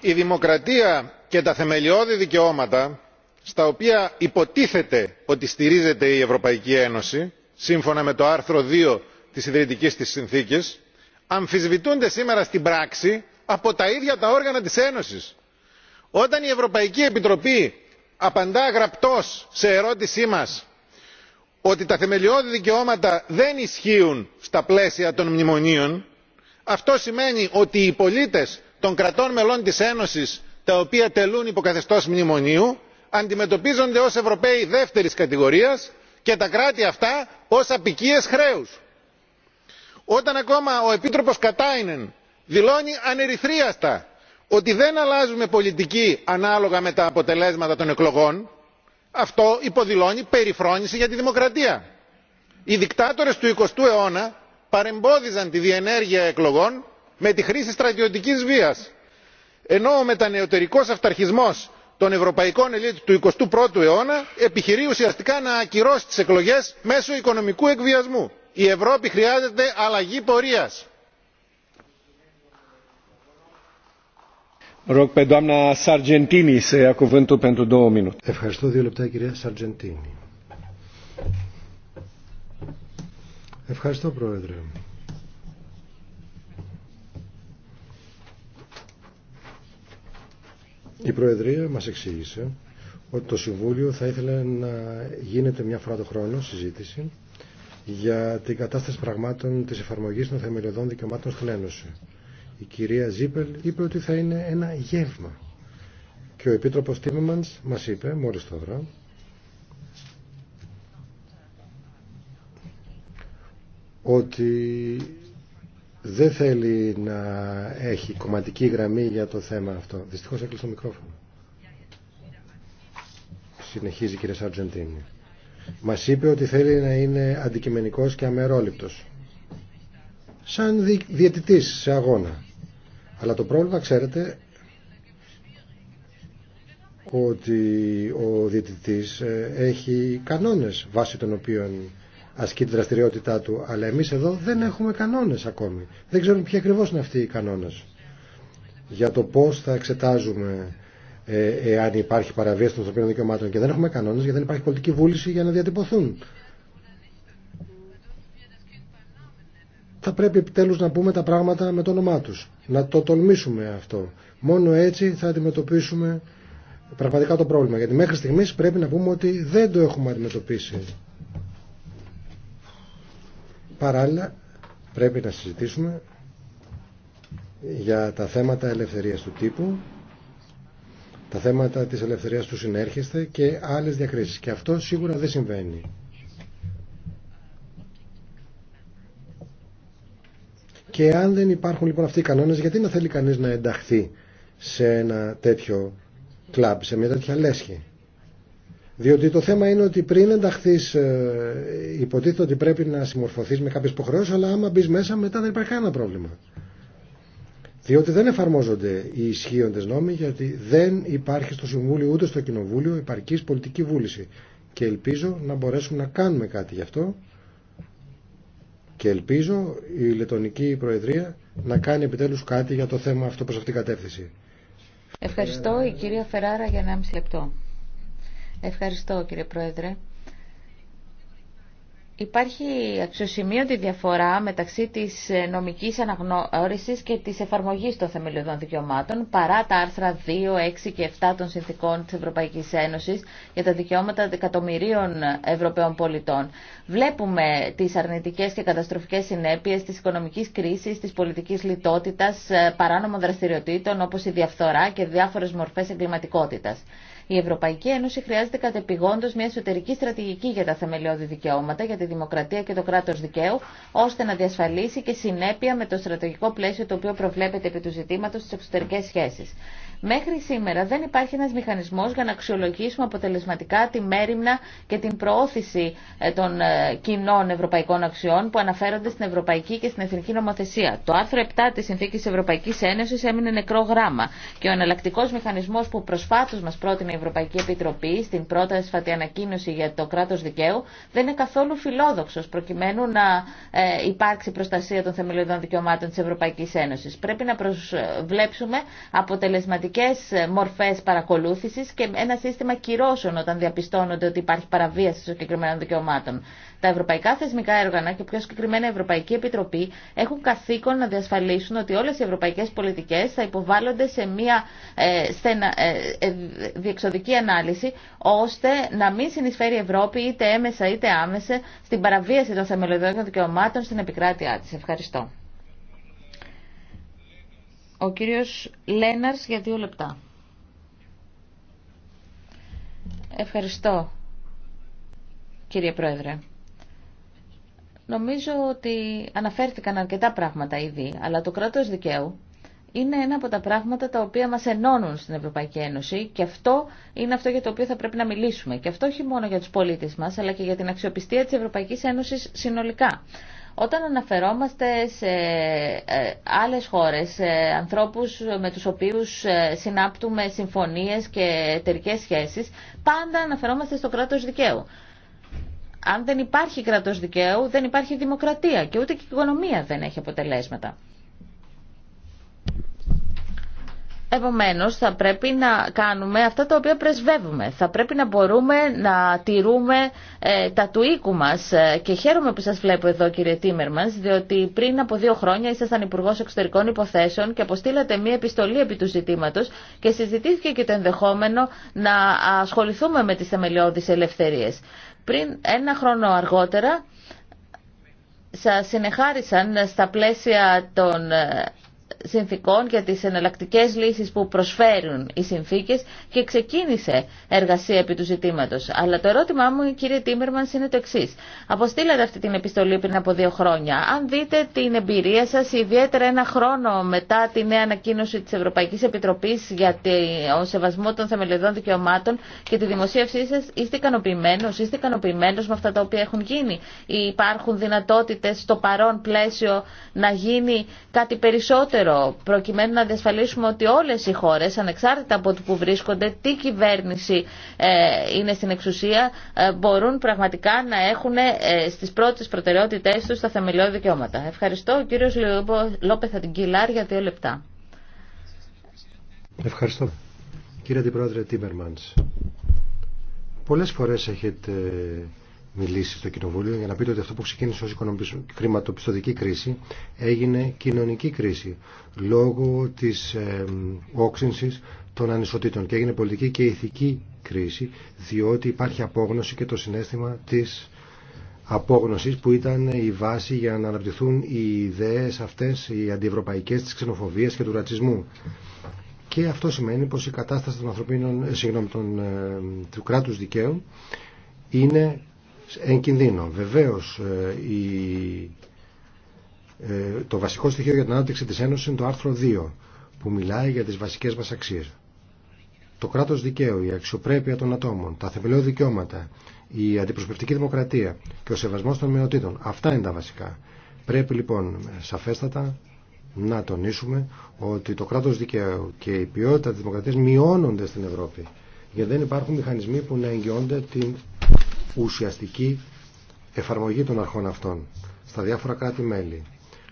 Η δημοκρατία και τα θεμελιώδη δικαιώματα στα οποία υποτίθεται ότι στηρίζεται η ευρωπαϊκή ένωση σύμφωνα με το άρθρο 2 της ιδρυτικής της συνθήκης αμφισβητούνται σήμερα στην πράξη από τα ίδια τα όργανα της ένωσης. όταν η ευρωπαϊκή επιτροπή απαντά γραπτώς σε ερώτησή μας ότι τα θεμελιώδη δικαιώματα δεν ισχύουν στα πλαίσια των μνημονίων αυτό σημαίνει ότι οι πολίτες των κρατών μελών της ένωσης τα οποία τελούν υποκαθεστώς μνημονίου αντιμετωπίζονται ως ευρωπαίοι δεύτερης κατηγορίας και τα κράτη αυτά ως απικίες χρέους. όταν ακόμα ο επίτροπος κατάινεν δηλώνει ανερυθρίαστα ότι δεν αλλάζουμε πολιτική ανάλογα με τα αποτελέσματα των εκλογών αυτό υποδηλώνει περιφρόνηση για τη δημοκρατία. οι δικτάτορες του 20ου αιώνα παρεμπόδιζαν τη διενέργεια εκλογών με τη χρήση στρατιωτικής βίας ενώ ο μετανεωτερικός αυταρχισμός των ευρωπαϊκών ελίτ του 21ου αιώνα επιχειρεί ουσιαστικά να ακυρώσει τις εκλογές μέσω οικονομικού εκβιασμού. η ευρώπη χρειάζεται αλλαγή πορείας. Ευχαριστώ. Δύο λεπτά, κυρία Σαρτζεντίνη. Ευχαριστώ, Πρόεδρε. Η Προεδρία μας εξήγησε ότι το Συμβούλιο θα ήθελε να γίνεται μια φορά το χρόνο συζήτηση για την κατάσταση πραγμάτων της εφαρμογής των θεμελιωδών δικαιωμάτων στην Ένωση. Η κυρία Ζίπελ είπε ότι θα είναι ένα γεύμα. Και ο Επίτροπος Τίμεμανς μας είπε μόλις τώρα ότι δεν θέλει να έχει κομματική γραμμή για το θέμα αυτό. Δυστυχώς έκλεισε το μικρόφωνο. Συνεχίζει η κυρία Σαρτζεντίνη. Μας είπε ότι θέλει να είναι αντικειμενικός και αμερόληπτος. Σαν διαιτητής σε αγώνα. Αλλά το πρόβλημα, ξέρετε, ότι ο διαιτητής ε, έχει κανόνες βάσει των οποίων ασκεί τη δραστηριότητά του. Αλλά εμεί εδώ δεν έχουμε κανόνε ακόμη. Δεν ξέρουμε ποιοι ακριβώ είναι αυτοί οι κανόνε Για το πώ θα εξετάζουμε ε, εάν υπάρχει παραβίαση των ανθρωπίνων δικαιωμάτων και δεν έχουμε κανόνε γιατί δεν υπάρχει πολιτική βούληση για να διατυπωθούν. θα πρέπει επιτέλους να πούμε τα πράγματα με το όνομά τους. Να το τολμήσουμε αυτό. Μόνο έτσι θα αντιμετωπίσουμε πραγματικά το πρόβλημα. Γιατί μέχρι στιγμής πρέπει να πούμε ότι δεν το έχουμε αντιμετωπίσει. Παράλληλα, πρέπει να συζητήσουμε για τα θέματα ελευθερίας του τύπου, τα θέματα της ελευθερίας του συνέρχεστε και άλλες διακρίσεις. Και αυτό σίγουρα δεν συμβαίνει. Και αν δεν υπάρχουν λοιπόν αυτοί οι κανόνες, γιατί να θέλει κανείς να ενταχθεί σε ένα τέτοιο κλαμπ, σε μια τέτοια λέσχη. Διότι το θέμα είναι ότι πριν ενταχθεί, ε, υποτίθεται ότι πρέπει να συμμορφωθεί με κάποιε υποχρεώσει, αλλά άμα μπει μέσα, μετά δεν υπάρχει κανένα πρόβλημα. Διότι δεν εφαρμόζονται οι ισχύοντε νόμοι, γιατί δεν υπάρχει στο Συμβούλιο ούτε στο Κοινοβούλιο υπαρκή πολιτική βούληση. Και ελπίζω να μπορέσουμε να κάνουμε κάτι γι' αυτό. Και ελπίζω η Λετωνική Προεδρία να κάνει επιτέλου κάτι για το θέμα αυτό προς αυτήν την κατεύθυνση. Ευχαριστώ η κυρία Φεράρα για 1,5 λεπτό. Ευχαριστώ κύριε Πρόεδρε. Υπάρχει αξιοσημείωτη διαφορά μεταξύ της νομικής αναγνώρισης και της εφαρμογής των θεμελιωδών δικαιωμάτων παρά τα άρθρα 2, 6 και 7 των συνθήκων της Ευρωπαϊκής Ένωσης για τα δικαιώματα δεκατομμυρίων Ευρωπαίων πολιτών. Βλέπουμε τις αρνητικές και καταστροφικές συνέπειες της οικονομικής κρίσης, της πολιτικής λιτότητας, παράνομων δραστηριοτήτων όπως η διαφθορά και διάφορες μορφές εγκληματικότητας. Η Ευρωπαϊκή Ένωση χρειάζεται κατεπηγόντω μια εσωτερική στρατηγική για τα θεμελιώδη δικαιώματα, για τη δημοκρατία και το κράτο δικαίου, ώστε να διασφαλίσει και συνέπεια με το στρατηγικό πλαίσιο το οποίο προβλέπεται επί του ζητήματο στι εξωτερικέ σχέσει. Μέχρι σήμερα δεν υπάρχει ένας μηχανισμός για να αξιολογήσουμε αποτελεσματικά τη μέρημνα και την προώθηση ε, των ε, κοινών ευρωπαϊκών αξιών που αναφέρονται στην ευρωπαϊκή και στην εθνική νομοθεσία. Το άρθρο 7 της Συνθήκης Ευρωπαϊκής Ένωσης έμεινε νεκρό γράμμα και ο εναλλακτικό μηχανισμός που προσφάτως μας πρότεινε η Ευρωπαϊκή Επιτροπή στην πρώτη ανακοίνωση για το κράτος δικαίου δεν είναι καθόλου φιλόδοξο προκειμένου να ε, υπάρξει προστασία των θεμελιωδών δικαιωμάτων της Ευρωπαϊκής Ένωσης. Πρέπει να προσβλέψουμε αποτελεσματικά διαφορετικές μορφές παρακολούθησης και ένα σύστημα κυρώσεων όταν διαπιστώνονται ότι υπάρχει παραβίαση των συγκεκριμένων δικαιωμάτων. Τα ευρωπαϊκά θεσμικά έργανα και πιο συγκεκριμένα η Ευρωπαϊκή Επιτροπή έχουν καθήκον να διασφαλίσουν ότι όλες οι ευρωπαϊκές πολιτικές θα υποβάλλονται σε μια ε, στενα, ε, ε, διεξοδική ανάλυση ώστε να μην συνεισφέρει η Ευρώπη είτε έμεσα είτε άμεσα στην παραβίαση των θεμελιωδών δικαιωμάτων στην επικράτειά της. Ευχαριστώ. Ο κύριος Λέναρς για δύο λεπτά. Ευχαριστώ, κύριε Πρόεδρε. Νομίζω ότι αναφέρθηκαν αρκετά πράγματα ήδη, αλλά το κράτος δικαίου είναι ένα από τα πράγματα τα οποία μας ενώνουν στην Ευρωπαϊκή Ένωση και αυτό είναι αυτό για το οποίο θα πρέπει να μιλήσουμε. Και αυτό όχι μόνο για τους πολίτες μας, αλλά και για την αξιοπιστία της Ευρωπαϊκής Ένωσης συνολικά. Όταν αναφερόμαστε σε ε, άλλες χώρες, σε ανθρώπους με τους οποίους ε, συνάπτουμε συμφωνίες και εταιρικέ σχέσεις, πάντα αναφερόμαστε στο κράτος δικαίου. Αν δεν υπάρχει κράτος δικαίου, δεν υπάρχει δημοκρατία και ούτε και η οικονομία δεν έχει αποτελέσματα. Επομένω, θα πρέπει να κάνουμε αυτά τα οποία πρεσβεύουμε. Θα πρέπει να μπορούμε να τηρούμε ε, τα του οίκου μας. Ε, και χαίρομαι που σας βλέπω εδώ, κύριε Τίμερμανς, διότι πριν από δύο χρόνια ήσασταν υπουργό Εξωτερικών Υποθέσεων και αποστήλατε μία επιστολή επί του ζητήματο και συζητήθηκε και το ενδεχόμενο να ασχοληθούμε με τι θεμελιώδει ελευθερίε. Πριν ένα χρόνο αργότερα, σα συνεχάρισαν στα πλαίσια των ε, συνθήκων για τις εναλλακτικές λύσεις που προσφέρουν οι συνθήκες και ξεκίνησε εργασία επί του ζητήματος. Αλλά το ερώτημά μου, κύριε Τίμερμανς, είναι το εξή. Αποστήλατε αυτή την επιστολή πριν από δύο χρόνια. Αν δείτε την εμπειρία σας, ιδιαίτερα ένα χρόνο μετά τη νέα ανακοίνωση της Ευρωπαϊκής Επιτροπής για τον σεβασμό των θεμελιωδών δικαιωμάτων και τη δημοσίευσή σας, είστε ικανοποιημένος, είστε ικανοποιημένος με αυτά τα οποία έχουν γίνει. Υπάρχουν δυνατότητες στο παρόν πλαίσιο να γίνει κάτι περισσότερο προκειμένου να διασφαλίσουμε ότι όλες οι χώρες ανεξάρτητα από το που βρίσκονται, τι κυβέρνηση ε, είναι στην εξουσία ε, μπορούν πραγματικά να έχουν ε, στις πρώτες προτεραιότητές τους τα θεμελιώδη δικαιώματα. Ευχαριστώ. Ο κύριος την Κιλάρ για δύο λεπτά. Ευχαριστώ. Κύριε Αντιπρόεδρε Τίμερμαντς, πολλές φορές έχετε μιλήσει στο Κοινοβούλιο για να πείτε ότι αυτό που ξεκίνησε ως χρηματοπιστωτική κρίση έγινε κοινωνική κρίση λόγω της ε, όξυνσης των ανισοτήτων και έγινε πολιτική και ηθική κρίση διότι υπάρχει απόγνωση και το συνέστημα της απόγνωσης που ήταν η βάση για να αναπτυχθούν οι ιδέες αυτές, οι αντιευρωπαϊκές της ξενοφοβίας και του ρατσισμού. Και αυτό σημαίνει πως η κατάσταση των ανθρωπίνων, ε, των, ε, του κράτους δικαίου είναι εν κινδύνο. Βεβαίως ε, η, ε, το βασικό στοιχείο για την ανάπτυξη της Ένωσης είναι το άρθρο 2 που μιλάει για τις βασικές μας αξίες. Το κράτος δικαίου, η αξιοπρέπεια των ατόμων, τα θεμελιώδη δικαιώματα, η αντιπροσωπευτική δημοκρατία και ο σεβασμός των μειονοτήτων. Αυτά είναι τα βασικά. Πρέπει λοιπόν σαφέστατα να τονίσουμε ότι το κράτος δικαίου και η ποιότητα της δημοκρατίας μειώνονται στην Ευρώπη γιατί δεν υπάρχουν μηχανισμοί που να εγγυώνται την ουσιαστική εφαρμογή των αρχών αυτών στα διάφορα κράτη-μέλη.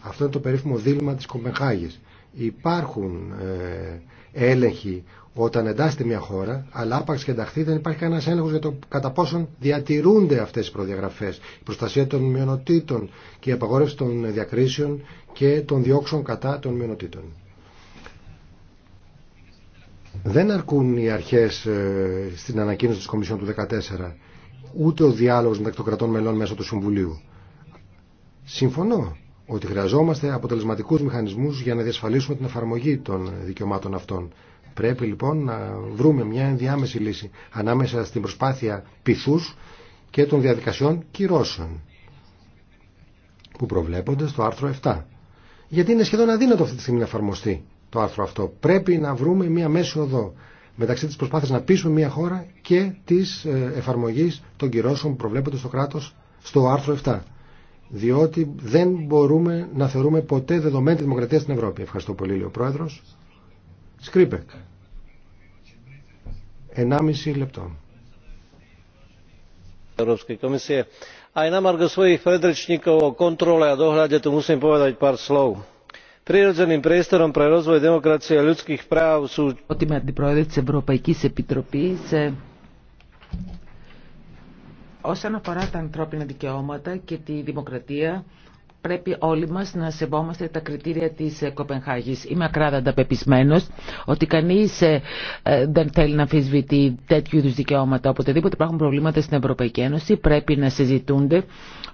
Αυτό είναι το περίφημο δίλημα της Κομπεχάγης. Υπάρχουν ε, έλεγχοι όταν εντάσσεται μια χώρα, αλλά άπαξ και ενταχθεί δεν υπάρχει κανένα έλεγχο για το κατά πόσον διατηρούνται αυτέ οι προδιαγραφέ. Η προστασία των μειονοτήτων και η απαγόρευση των διακρίσεων και των διώξεων κατά των μειονοτήτων. Δεν αρκούν οι αρχέ ε, στην ανακοίνωση τη Κομισιόν του 2014 ούτε ο διάλογος μεταξύ των κρατών μελών μέσω του Συμβουλίου. Συμφωνώ ότι χρειαζόμαστε αποτελεσματικού μηχανισμούς για να διασφαλίσουμε την εφαρμογή των δικαιωμάτων αυτών. Πρέπει λοιπόν να βρούμε μια ενδιάμεση λύση ανάμεσα στην προσπάθεια πυθού και των διαδικασιών κυρώσεων που προβλέπονται στο άρθρο 7. Γιατί είναι σχεδόν αδύνατο αυτή τη στιγμή να εφαρμοστεί το άρθρο αυτό. Πρέπει να βρούμε μια μέση οδό μεταξύ της προσπάθειας να πείσουμε μια χώρα και της ε, εφαρμογής των κυρώσεων που προβλέπονται στο κράτος στο άρθρο 7. Διότι δεν μπορούμε να θεωρούμε ποτέ δεδομένη τη δημοκρατία στην Ευρώπη. Ευχαριστώ πολύ, λέει Πρόεδρος. Σκρίπεκ. 1,5 λεπτό. Ευρωπαϊκή Aj na margo svojich predrečníkov o kontrole a dohľade tu prirodzeným priestorom pre rozvoj demokracie a ľudských práv sú... όσον αφορά τα ανθρώπινα δικαιώματα και τη δημοκρατία πρέπει όλοι μας να σεβόμαστε τα κριτήρια της ε, Κοπενχάγης. Είμαι ακράδαντα πεπισμένος ότι κανείς ε, ε, δεν θέλει να αμφισβητεί τέτοιου είδους δικαιώματα. Οποτεδήποτε υπάρχουν προβλήματα στην Ευρωπαϊκή Ένωση πρέπει να συζητούνται.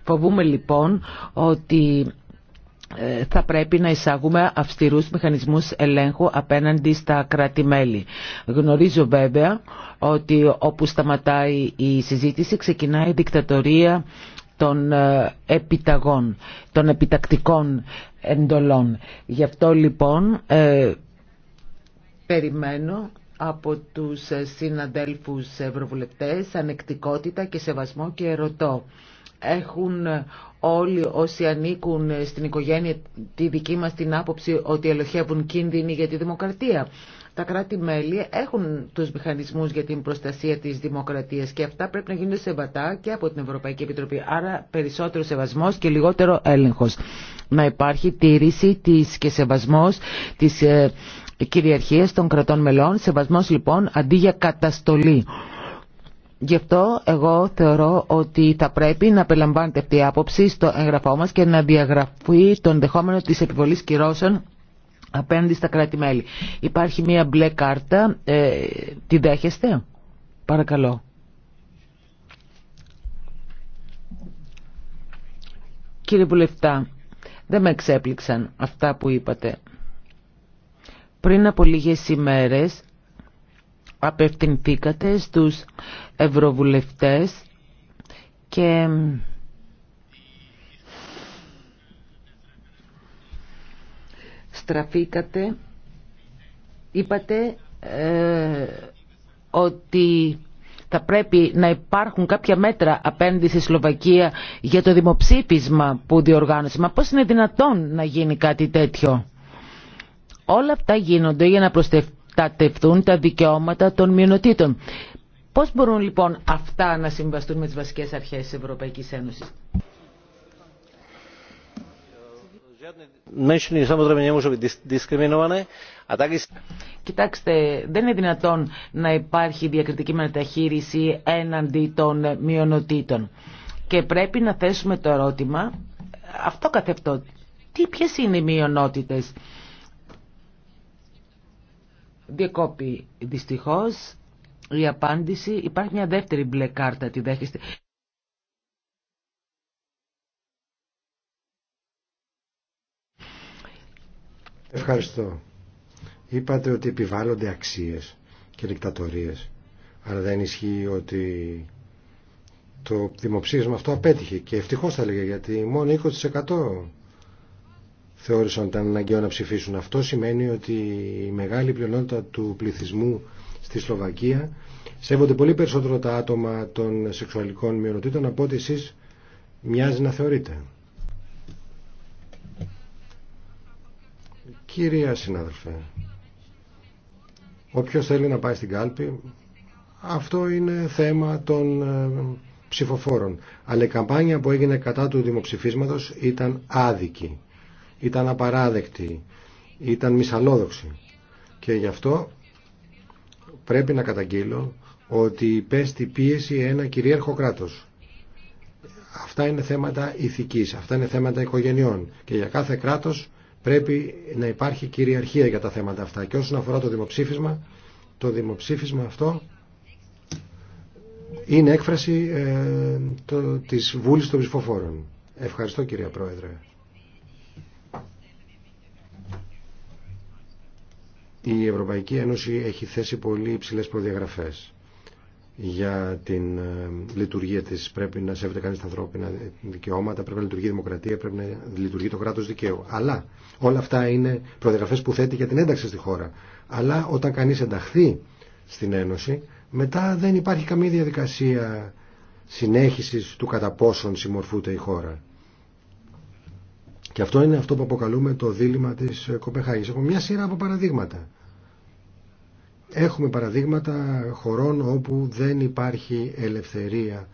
Φοβούμε λοιπόν ότι ε, θα πρέπει να εισάγουμε αυστηρούς μηχανισμούς ελέγχου απέναντι στα κράτη-μέλη. Γνωρίζω βέβαια ότι όπου σταματάει η συζήτηση ξεκινάει η δικτατορία των ε, επιταγών, των επιτακτικών εντολών. Γι' αυτό λοιπόν ε, περιμένω από τους συναδέλφους ευρωβουλευτές ανεκτικότητα και σεβασμό και ερωτώ έχουν όλοι όσοι ανήκουν στην οικογένεια τη δική μας την άποψη ότι ελοχεύουν κίνδυνοι για τη δημοκρατία. Τα κράτη-μέλη έχουν τους μηχανισμούς για την προστασία της δημοκρατίας και αυτά πρέπει να γίνονται σεβατά και από την Ευρωπαϊκή Επιτροπή. Άρα περισσότερο σεβασμός και λιγότερο έλεγχος. Να υπάρχει τήρηση της και σεβασμός της ε, κυριαρχίας των κρατών μελών. Σεβασμός λοιπόν αντί για καταστολή. Γι' αυτό εγώ θεωρώ ότι θα πρέπει να περιλαμβάνεται αυτή η άποψη στο έγγραφό μας και να διαγραφεί το ενδεχόμενο της επιβολής κυρώσεων απέναντι στα κράτη-μέλη. Υπάρχει μία μπλε κάρτα, ε, τη δέχεστε, παρακαλώ. Κύριε Βουλευτά, δεν με εξέπληξαν αυτά που είπατε. Πριν από λίγες ημέρες απευθυνθήκατε στους ευρωβουλευτές και στραφήκατε, είπατε ε, ότι θα πρέπει να υπάρχουν κάποια μέτρα απέναντι στη Σλοβακία για το δημοψήφισμα που διοργάνωσε. Μα πώς είναι δυνατόν να γίνει κάτι τέτοιο. Όλα αυτά γίνονται για να προστευτούν προστατευτούν τα δικαιώματα των μειονοτήτων. Πώς μπορούν λοιπόν αυτά να συμβαστούν με τις βασικές αρχές της Ευρωπαϊκής Ένωσης. Κοιτάξτε, δεν είναι δυνατόν να υπάρχει διακριτική μεταχείριση έναντι των μειονοτήτων. Και πρέπει να θέσουμε το ερώτημα, αυτό καθευτό, τι, ποιες είναι οι μειονότητες. Διακόπη δυστυχώς η απάντηση. Υπάρχει μια δεύτερη μπλε κάρτα, τη δέχεστε. Ευχαριστώ. Είπατε ότι επιβάλλονται αξίες και δικτατορίες. Αλλά δεν ισχύει ότι το δημοψήφισμα αυτό απέτυχε. Και ευτυχώς θα λέγα γιατί μόνο 20% θεώρησαν ήταν αναγκαίο να ψηφίσουν. Αυτό σημαίνει ότι η μεγάλη πλειονότητα του πληθυσμού στη Σλοβακία σέβονται πολύ περισσότερο τα άτομα των σεξουαλικών μειονοτήτων από ότι εσείς μοιάζει να θεωρείτε. Κυρία συνάδελφε, όποιος θέλει να πάει στην κάλπη, αυτό είναι θέμα των ε, ψηφοφόρων. Αλλά η καμπάνια που έγινε κατά του δημοψηφίσματος ήταν άδικη ήταν απαράδεκτη, ήταν μυσαλόδοξη. Και γι' αυτό πρέπει να καταγγείλω ότι υπέστη πίεση ένα κυρίαρχο κράτος. Αυτά είναι θέματα ηθικής, αυτά είναι θέματα οικογενειών και για κάθε κράτος πρέπει να υπάρχει κυριαρχία για τα θέματα αυτά. Και όσον αφορά το δημοψήφισμα, το δημοψήφισμα αυτό είναι έκφραση ε, το, της Βούλης των Ψηφοφόρων. Ευχαριστώ κυρία Πρόεδρε. Η Ευρωπαϊκή Ένωση έχει θέσει πολύ υψηλέ προδιαγραφές για την ε, λειτουργία της. Πρέπει να σέβεται κάνει τα ανθρώπινα δικαιώματα, πρέπει να λειτουργεί η δημοκρατία, πρέπει να λειτουργεί το κράτο δικαίου. Αλλά όλα αυτά είναι προδιαγραφές που θέτει για την ένταξη στη χώρα. Αλλά όταν κανείς ενταχθεί στην Ένωση, μετά δεν υπάρχει καμία διαδικασία συνέχισης του κατά πόσον συμμορφούται η χώρα. Και αυτό είναι αυτό που αποκαλούμε το δίλημα της ε, Κοπεχάγης. Έχουμε μια σειρά από παραδείγματα. Έχουμε παραδείγματα χωρών όπου δεν υπάρχει ελευθερία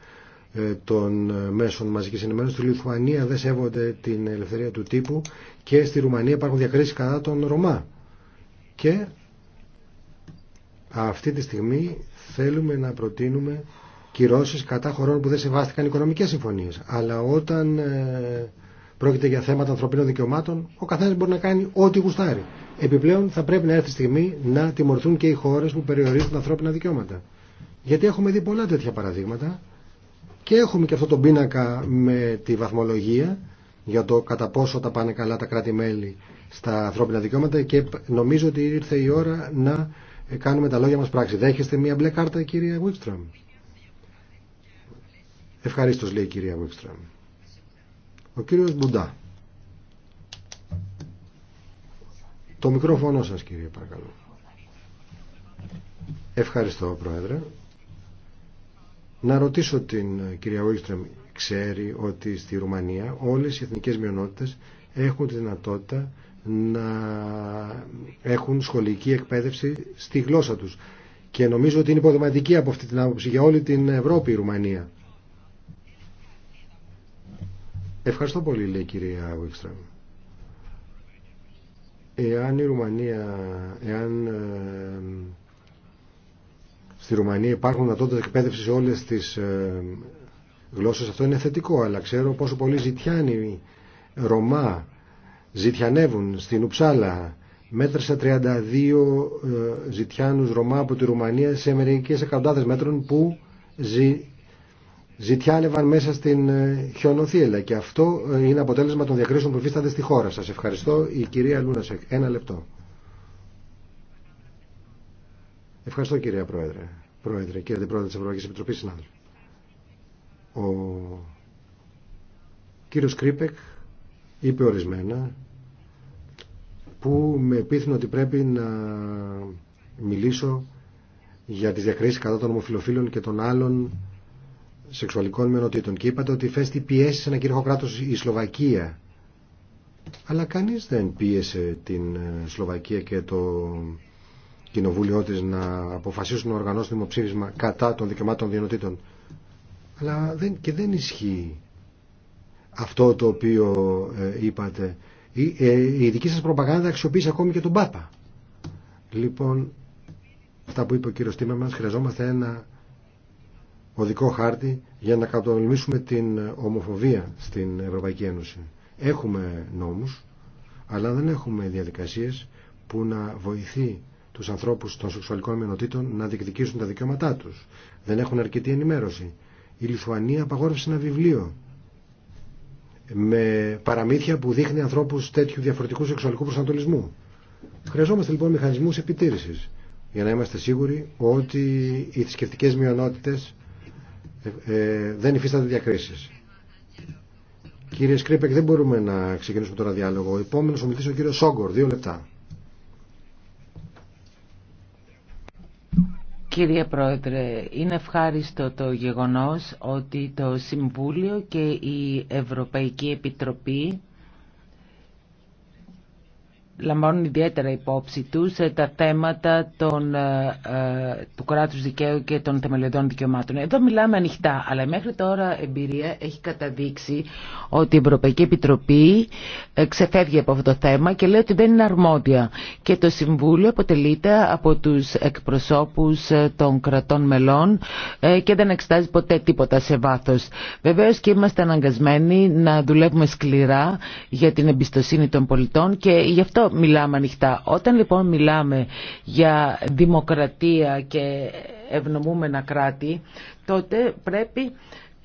ε, των ε, μέσων μαζικής ενημέρωσης. Στη Λιθουανία δεν σέβονται την ελευθερία του τύπου και στη Ρουμανία υπάρχουν διακρίσεις κατά τον Ρωμά. Και αυτή τη στιγμή θέλουμε να προτείνουμε κυρώσεις κατά χωρών που δεν σεβάστηκαν οικονομικές συμφωνίες. Αλλά όταν πρόκειται για θέματα ανθρωπίνων δικαιωμάτων, ο καθένα μπορεί να κάνει ό,τι γουστάρει. Επιπλέον, θα πρέπει να έρθει η στιγμή να τιμωρηθούν και οι χώρε που περιορίζουν τα ανθρώπινα δικαιώματα. Γιατί έχουμε δει πολλά τέτοια παραδείγματα και έχουμε και αυτό το πίνακα με τη βαθμολογία για το κατά πόσο τα πάνε καλά τα κράτη-μέλη στα ανθρώπινα δικαιώματα και νομίζω ότι ήρθε η ώρα να κάνουμε τα λόγια μας πράξη. Δέχεστε μία μπλε κάρτα, κυρία Βουίξτρομ. Ευχαριστώ λέει η κυρία Βουίξτρομ. Ο κύριος Μπουντά. Το μικρόφωνο σας κύριε παρακαλώ. Ευχαριστώ Πρόεδρε. Να ρωτήσω την κυρία Οίλστρεμ, ξέρει ότι στη Ρουμανία όλες οι εθνικές μειονότητες έχουν τη δυνατότητα να έχουν σχολική εκπαίδευση στη γλώσσα τους. Και νομίζω ότι είναι υποδοματική από αυτή την άποψη για όλη την Ευρώπη η Ρουμανία. Ευχαριστώ πολύ, λέει η κυρία Βίξτραμ. Εάν η Ρουμανία, εάν ε, στη Ρουμανία υπάρχουν δυνατότητε εκπαίδευση σε όλε τι ε, γλώσσε, αυτό είναι θετικό. Αλλά ξέρω πόσο πολλοί ζητιάνοι Ρωμά ζητιανεύουν στην Ουψάλα. Μέτρησα 32 ε, ζητιάνου Ρωμά από τη Ρουμανία σε μερικέ εκατοντάδε μέτρων που ζη, ζητιάνευαν μέσα στην ε, χιονοθύελα και αυτό ε, είναι αποτέλεσμα των διακρίσεων που βρίσκονται στη χώρα σας. Ευχαριστώ η κυρία Λούνασεκ. Ένα λεπτό. Ευχαριστώ κυρία Πρόεδρε. Πρόεδρε, κύριε Αντιπρόεδρε της Ευρωπαϊκής Επιτροπής, συνάδελφοι. Ο κύριος Κρίπεκ είπε ορισμένα που με επίθυνε ότι πρέπει να μιλήσω για τις διακρίσεις κατά των ομοφιλοφίλων και των άλλων σεξουαλικών μενοτήτων και είπατε ότι φέστη πιέσει σε ένα κυρίαρχο κράτο η Σλοβακία. Αλλά κανεί δεν πίεσε την ε, Σλοβακία και το κοινοβούλιο τη να αποφασίσουν να οργανώσουν δημοψήφισμα κατά των δικαιωμάτων διενοτήτων. Αλλά δεν, και δεν ισχύει αυτό το οποίο ε, είπατε. Ε, η, δική σας προπαγάνδα αξιοποίησε ακόμη και τον Πάπα. Λοιπόν, αυτά που είπε ο κύριο Τίμερμαν, χρειαζόμαστε ένα οδικό χάρτη για να κατονομήσουμε την ομοφοβία στην Ευρωπαϊκή Ένωση. Έχουμε νόμους, αλλά δεν έχουμε διαδικασίες που να βοηθεί τους ανθρώπους των σεξουαλικών μειονοτήτων να διεκδικήσουν τα δικαιώματά τους. Δεν έχουν αρκετή ενημέρωση. Η Λιθουανία απαγόρευσε ένα βιβλίο με παραμύθια που δείχνει ανθρώπους τέτοιου διαφορετικού σεξουαλικού προσανατολισμού. Χρειαζόμαστε λοιπόν μηχανισμούς επιτήρησης για να είμαστε σίγουροι ότι οι θρησκευτικέ μειονότητες ε, δεν υφίστανται διακρίσει. Κύριε Σκρίπεκ, δεν μπορούμε να ξεκινήσουμε τώρα διάλογο. Ο ομιλητής ο κύριος Σόγκορ, δύο λεπτά. Κύριε Πρόεδρε, είναι ευχάριστο το γεγονός ότι το Συμβούλιο και η Ευρωπαϊκή Επιτροπή λαμβάνουν ιδιαίτερα υπόψη τους ε, τα θέματα των, ε, ε του κράτου δικαίου και των θεμελιωδών δικαιωμάτων. Εδώ μιλάμε ανοιχτά, αλλά μέχρι τώρα εμπειρία έχει καταδείξει ότι η Ευρωπαϊκή Επιτροπή ε, ξεφεύγει από αυτό το θέμα και λέει ότι δεν είναι αρμόδια. Και το Συμβούλιο αποτελείται από τους εκπροσώπους των κρατών μελών και δεν εξετάζει ποτέ τίποτα σε βάθο. Βεβαίω, και είμαστε αναγκασμένοι να δουλεύουμε σκληρά για την εμπιστοσύνη των πολιτών και γι' αυτό μιλάμε ανοιχτά. Όταν λοιπόν μιλάμε για δημοκρατία και ευνομούμενα κράτη, τότε πρέπει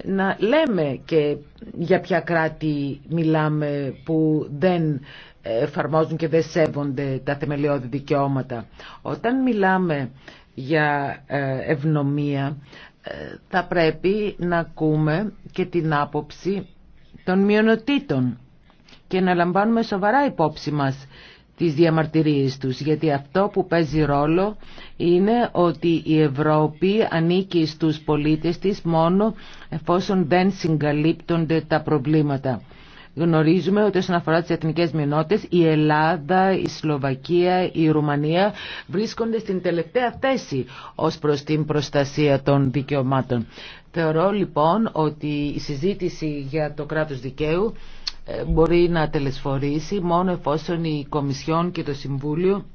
να λέμε και για ποια κράτη μιλάμε που δεν εφαρμόζουν και δεν σέβονται τα θεμελιώδη δικαιώματα. Όταν μιλάμε για ε, ευνομία ε, θα πρέπει να ακούμε και την άποψη των μειονοτήτων και να λαμβάνουμε σοβαρά υπόψη μας τις διαμαρτυρίες τους γιατί αυτό που παίζει ρόλο είναι ότι η Ευρώπη ανήκει στους πολίτες της μόνο εφόσον δεν συγκαλύπτονται τα προβλήματα. Γνωρίζουμε ότι όσον αφορά τις εθνικές μηνότητες η Ελλάδα, η Σλοβακία, η Ρουμανία βρίσκονται στην τελευταία θέση ως προς την προστασία των δικαιωμάτων. Θεωρώ λοιπόν ότι η συζήτηση για το κράτος δικαίου ε, μπορεί να τελεσφορήσει μόνο εφόσον η Κομισιόν και το Συμβούλιο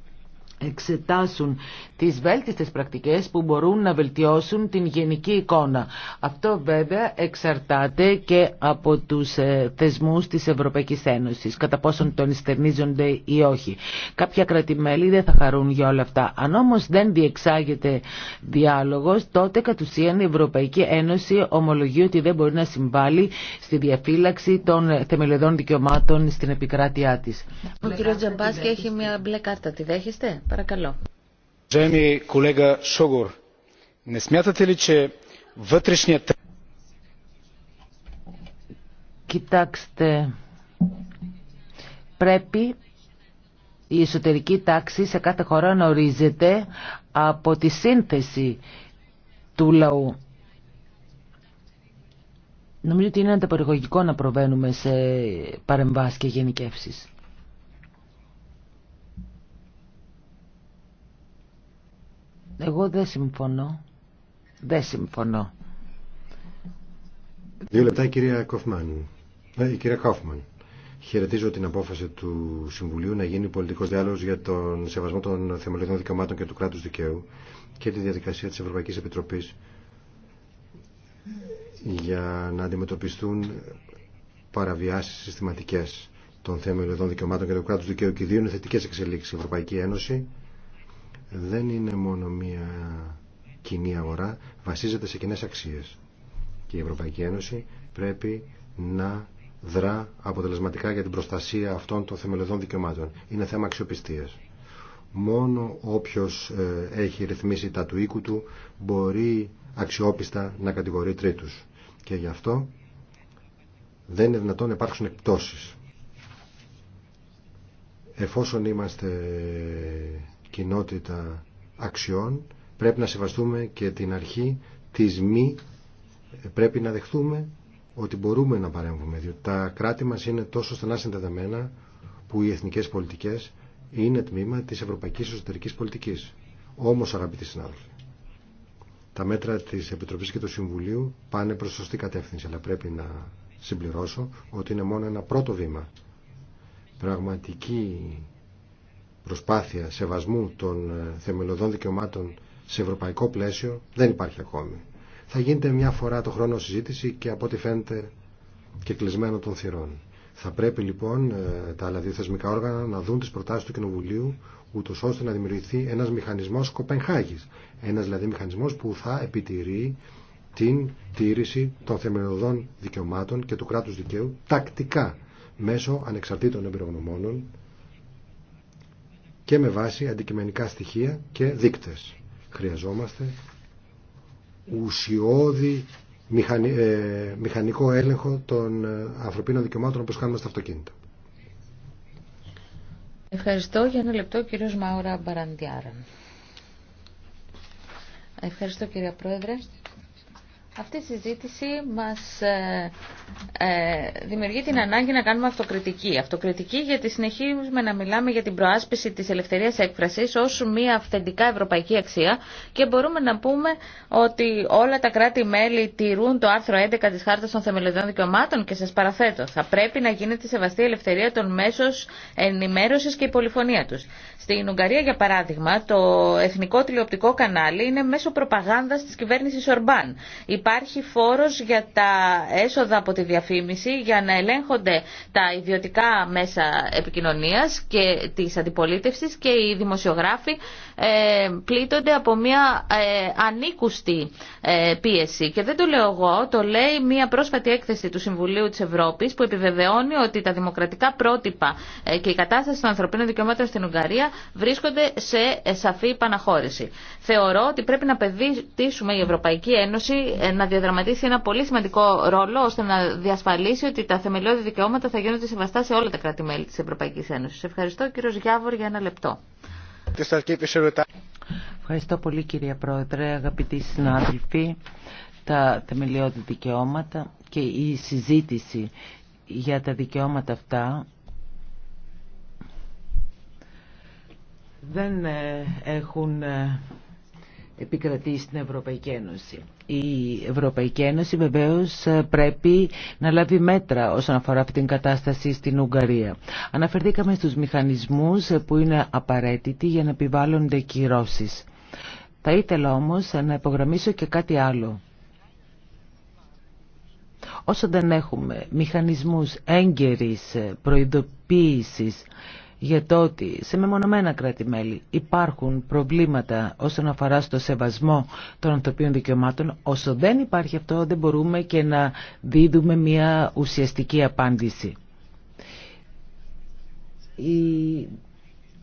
εξετάσουν τις βέλτιστες πρακτικές που μπορούν να βελτιώσουν την γενική εικόνα. Αυτό βέβαια εξαρτάται και από τους ε, θεσμούς της Ευρωπαϊκής Ένωσης, κατά πόσον τον ειστερνίζονται ή όχι. Κάποια κρατημέλη δεν θα χαρούν για όλα αυτά. Αν όμως δεν διεξάγεται διάλογος, τότε κατ' ουσίαν η Ευρωπαϊκή Ένωση ομολογεί ότι δεν μπορεί να συμβάλλει στη διαφύλαξη των θεμελιωδών δικαιωμάτων στην επικράτειά της. Ο κύριο Τζαμπάσκη έχει μια μπλε κάρτα, τη δέχεστε? Παρακαλώ. Κοιτάξτε, πρέπει η εσωτερική τάξη σε κάθε χώρα να ορίζεται από τη σύνθεση του λαού. Νομίζω ότι είναι ανταπαραγωγικό να προβαίνουμε σε παρεμβάσεις και γενικεύσεις. Εγώ δεν συμφωνώ. Δεν συμφωνώ. Δύο λεπτά η κυρία Κόφμαν. Ε, η κυρία Κόφμαν. Χαιρετίζω την απόφαση του Συμβουλίου να γίνει πολιτικό διάλογο για τον σεβασμό των θεμελιωδών δικαιωμάτων και του κράτου δικαίου και τη διαδικασία τη Ευρωπαϊκή Επιτροπή για να αντιμετωπιστούν παραβιάσει συστηματικέ των θεμελιωδών δικαιωμάτων και του κράτου δικαίου. Και δύο είναι θετικέ εξελίξει. Η Ευρωπαϊκή Ένωση δεν είναι μόνο μία κοινή αγορά, βασίζεται σε κοινέ αξίες. Και η Ευρωπαϊκή Ένωση πρέπει να δρά αποτελεσματικά για την προστασία αυτών των θεμελιωδών δικαιωμάτων. Είναι θέμα αξιοπιστίας. Μόνο όποιος ε, έχει ρυθμίσει τα του οίκου του μπορεί αξιόπιστα να κατηγορεί τρίτους. Και γι' αυτό δεν είναι δυνατόν να υπάρξουν εκπτώσεις. Εφόσον είμαστε κοινότητα αξιών πρέπει να σεβαστούμε και την αρχή της μη πρέπει να δεχθούμε ότι μπορούμε να παρέμβουμε διότι τα κράτη μας είναι τόσο στενά συνδεδεμένα που οι εθνικές πολιτικές είναι τμήμα της ευρωπαϊκής εσωτερικής πολιτικής. Όμως αγαπητοί συνάδελφοι, τα μέτρα της Επιτροπής και του Συμβουλίου πάνε προς σωστή κατεύθυνση αλλά πρέπει να συμπληρώσω ότι είναι μόνο ένα πρώτο βήμα. Πραγματική προσπάθεια σεβασμού των ε, θεμελιωδών δικαιωμάτων σε ευρωπαϊκό πλαίσιο δεν υπάρχει ακόμη. Θα γίνεται μια φορά το χρόνο συζήτηση και από ό,τι φαίνεται και κλεισμένο των θυρών. Θα πρέπει λοιπόν ε, τα άλλα δύο θεσμικά όργανα να δουν τι προτάσει του Κοινοβουλίου ούτω ώστε να δημιουργηθεί ένα μηχανισμό Κοπενχάγη. ένα δηλαδή μηχανισμό που θα επιτηρεί την τήρηση των θεμελιωδών δικαιωμάτων και του κράτου δικαίου τακτικά μέσω ανεξαρτήτων εμπειρογνωμόνων και με βάση αντικειμενικά στοιχεία και δείκτες. Χρειαζόμαστε ουσιώδη ε, μηχανικό έλεγχο των ε, ανθρωπίνων δικαιωμάτων όπως κάνουμε στα αυτοκίνητα. Ευχαριστώ για ένα λεπτό κύριος Μαούρα Μπαραντιάρα. Ευχαριστώ κύριε Πρόεδρε. Αυτή η συζήτηση μας ε, ε, δημιουργεί την ανάγκη να κάνουμε αυτοκριτική. Αυτοκριτική γιατί συνεχίζουμε να μιλάμε για την προάσπιση της ελευθερίας έκφρασης ως μια αυθεντικά ευρωπαϊκή αξία και μπορούμε να πούμε ότι όλα τα κράτη-μέλη τηρούν το άρθρο 11 της Χάρτας των Θεμελιωδών Δικαιωμάτων και σας παραθέτω, θα πρέπει να γίνεται σεβαστή ελευθερία των μέσων ενημέρωσης και η πολυφωνία τους. Στην Ουγγαρία, για παράδειγμα, το εθνικό τηλεοπτικό κανάλι είναι μέσω προπαγάνδας της κυβέρνησης Ορμπάν υπάρχει φόρος για τα έσοδα από τη διαφήμιση για να ελέγχονται τα ιδιωτικά μέσα επικοινωνίας και της αντιπολίτευσης και οι δημοσιογράφοι ε, πλήττονται από μια ε, ανήκουστη ε, πίεση. Και δεν το λέω εγώ, το λέει μια πρόσφατη έκθεση του Συμβουλίου της Ευρώπης που επιβεβαιώνει ότι τα δημοκρατικά πρότυπα και η κατάσταση των ανθρωπίνων δικαιωμάτων στην Ουγγαρία βρίσκονται σε σαφή παναχώρηση. Θεωρώ ότι πρέπει να παιδίσουμε η Ευρωπαϊκή Ένωση να διαδραματίσει ένα πολύ σημαντικό ρόλο ώστε να διασφαλίσει ότι τα θεμελιώδη δικαιώματα θα γίνονται σεβαστά σε όλα τα κράτη-μέλη της Ευρωπαϊκής Ένωσης. Ευχαριστώ κύριο Γιάβορ για ένα λεπτό. Ευχαριστώ πολύ κυρία Πρόεδρε, αγαπητοί συνάδελφοι, τα θεμελιώδη δικαιώματα και η συζήτηση για τα δικαιώματα αυτά δεν ε, έχουν ε, επικρατεί στην Ευρωπαϊκή Ένωση. Η Ευρωπαϊκή Ένωση βεβαίως ε, πρέπει να λάβει μέτρα όσον αφορά αυτή την κατάσταση στην Ουγγαρία. Αναφερθήκαμε στους μηχανισμούς ε, που είναι απαραίτητοι για να επιβάλλονται κυρώσεις. Θα ήθελα όμως ε, να υπογραμμίσω και κάτι άλλο. Όσο δεν έχουμε μηχανισμούς έγκαιρης προειδοποίησης για το ότι σε μεμονωμένα κράτη-μέλη υπάρχουν προβλήματα όσον αφορά στο σεβασμό των ανθρωπίνων δικαιωμάτων, όσο δεν υπάρχει αυτό δεν μπορούμε και να δίδουμε μια ουσιαστική απάντηση. Οι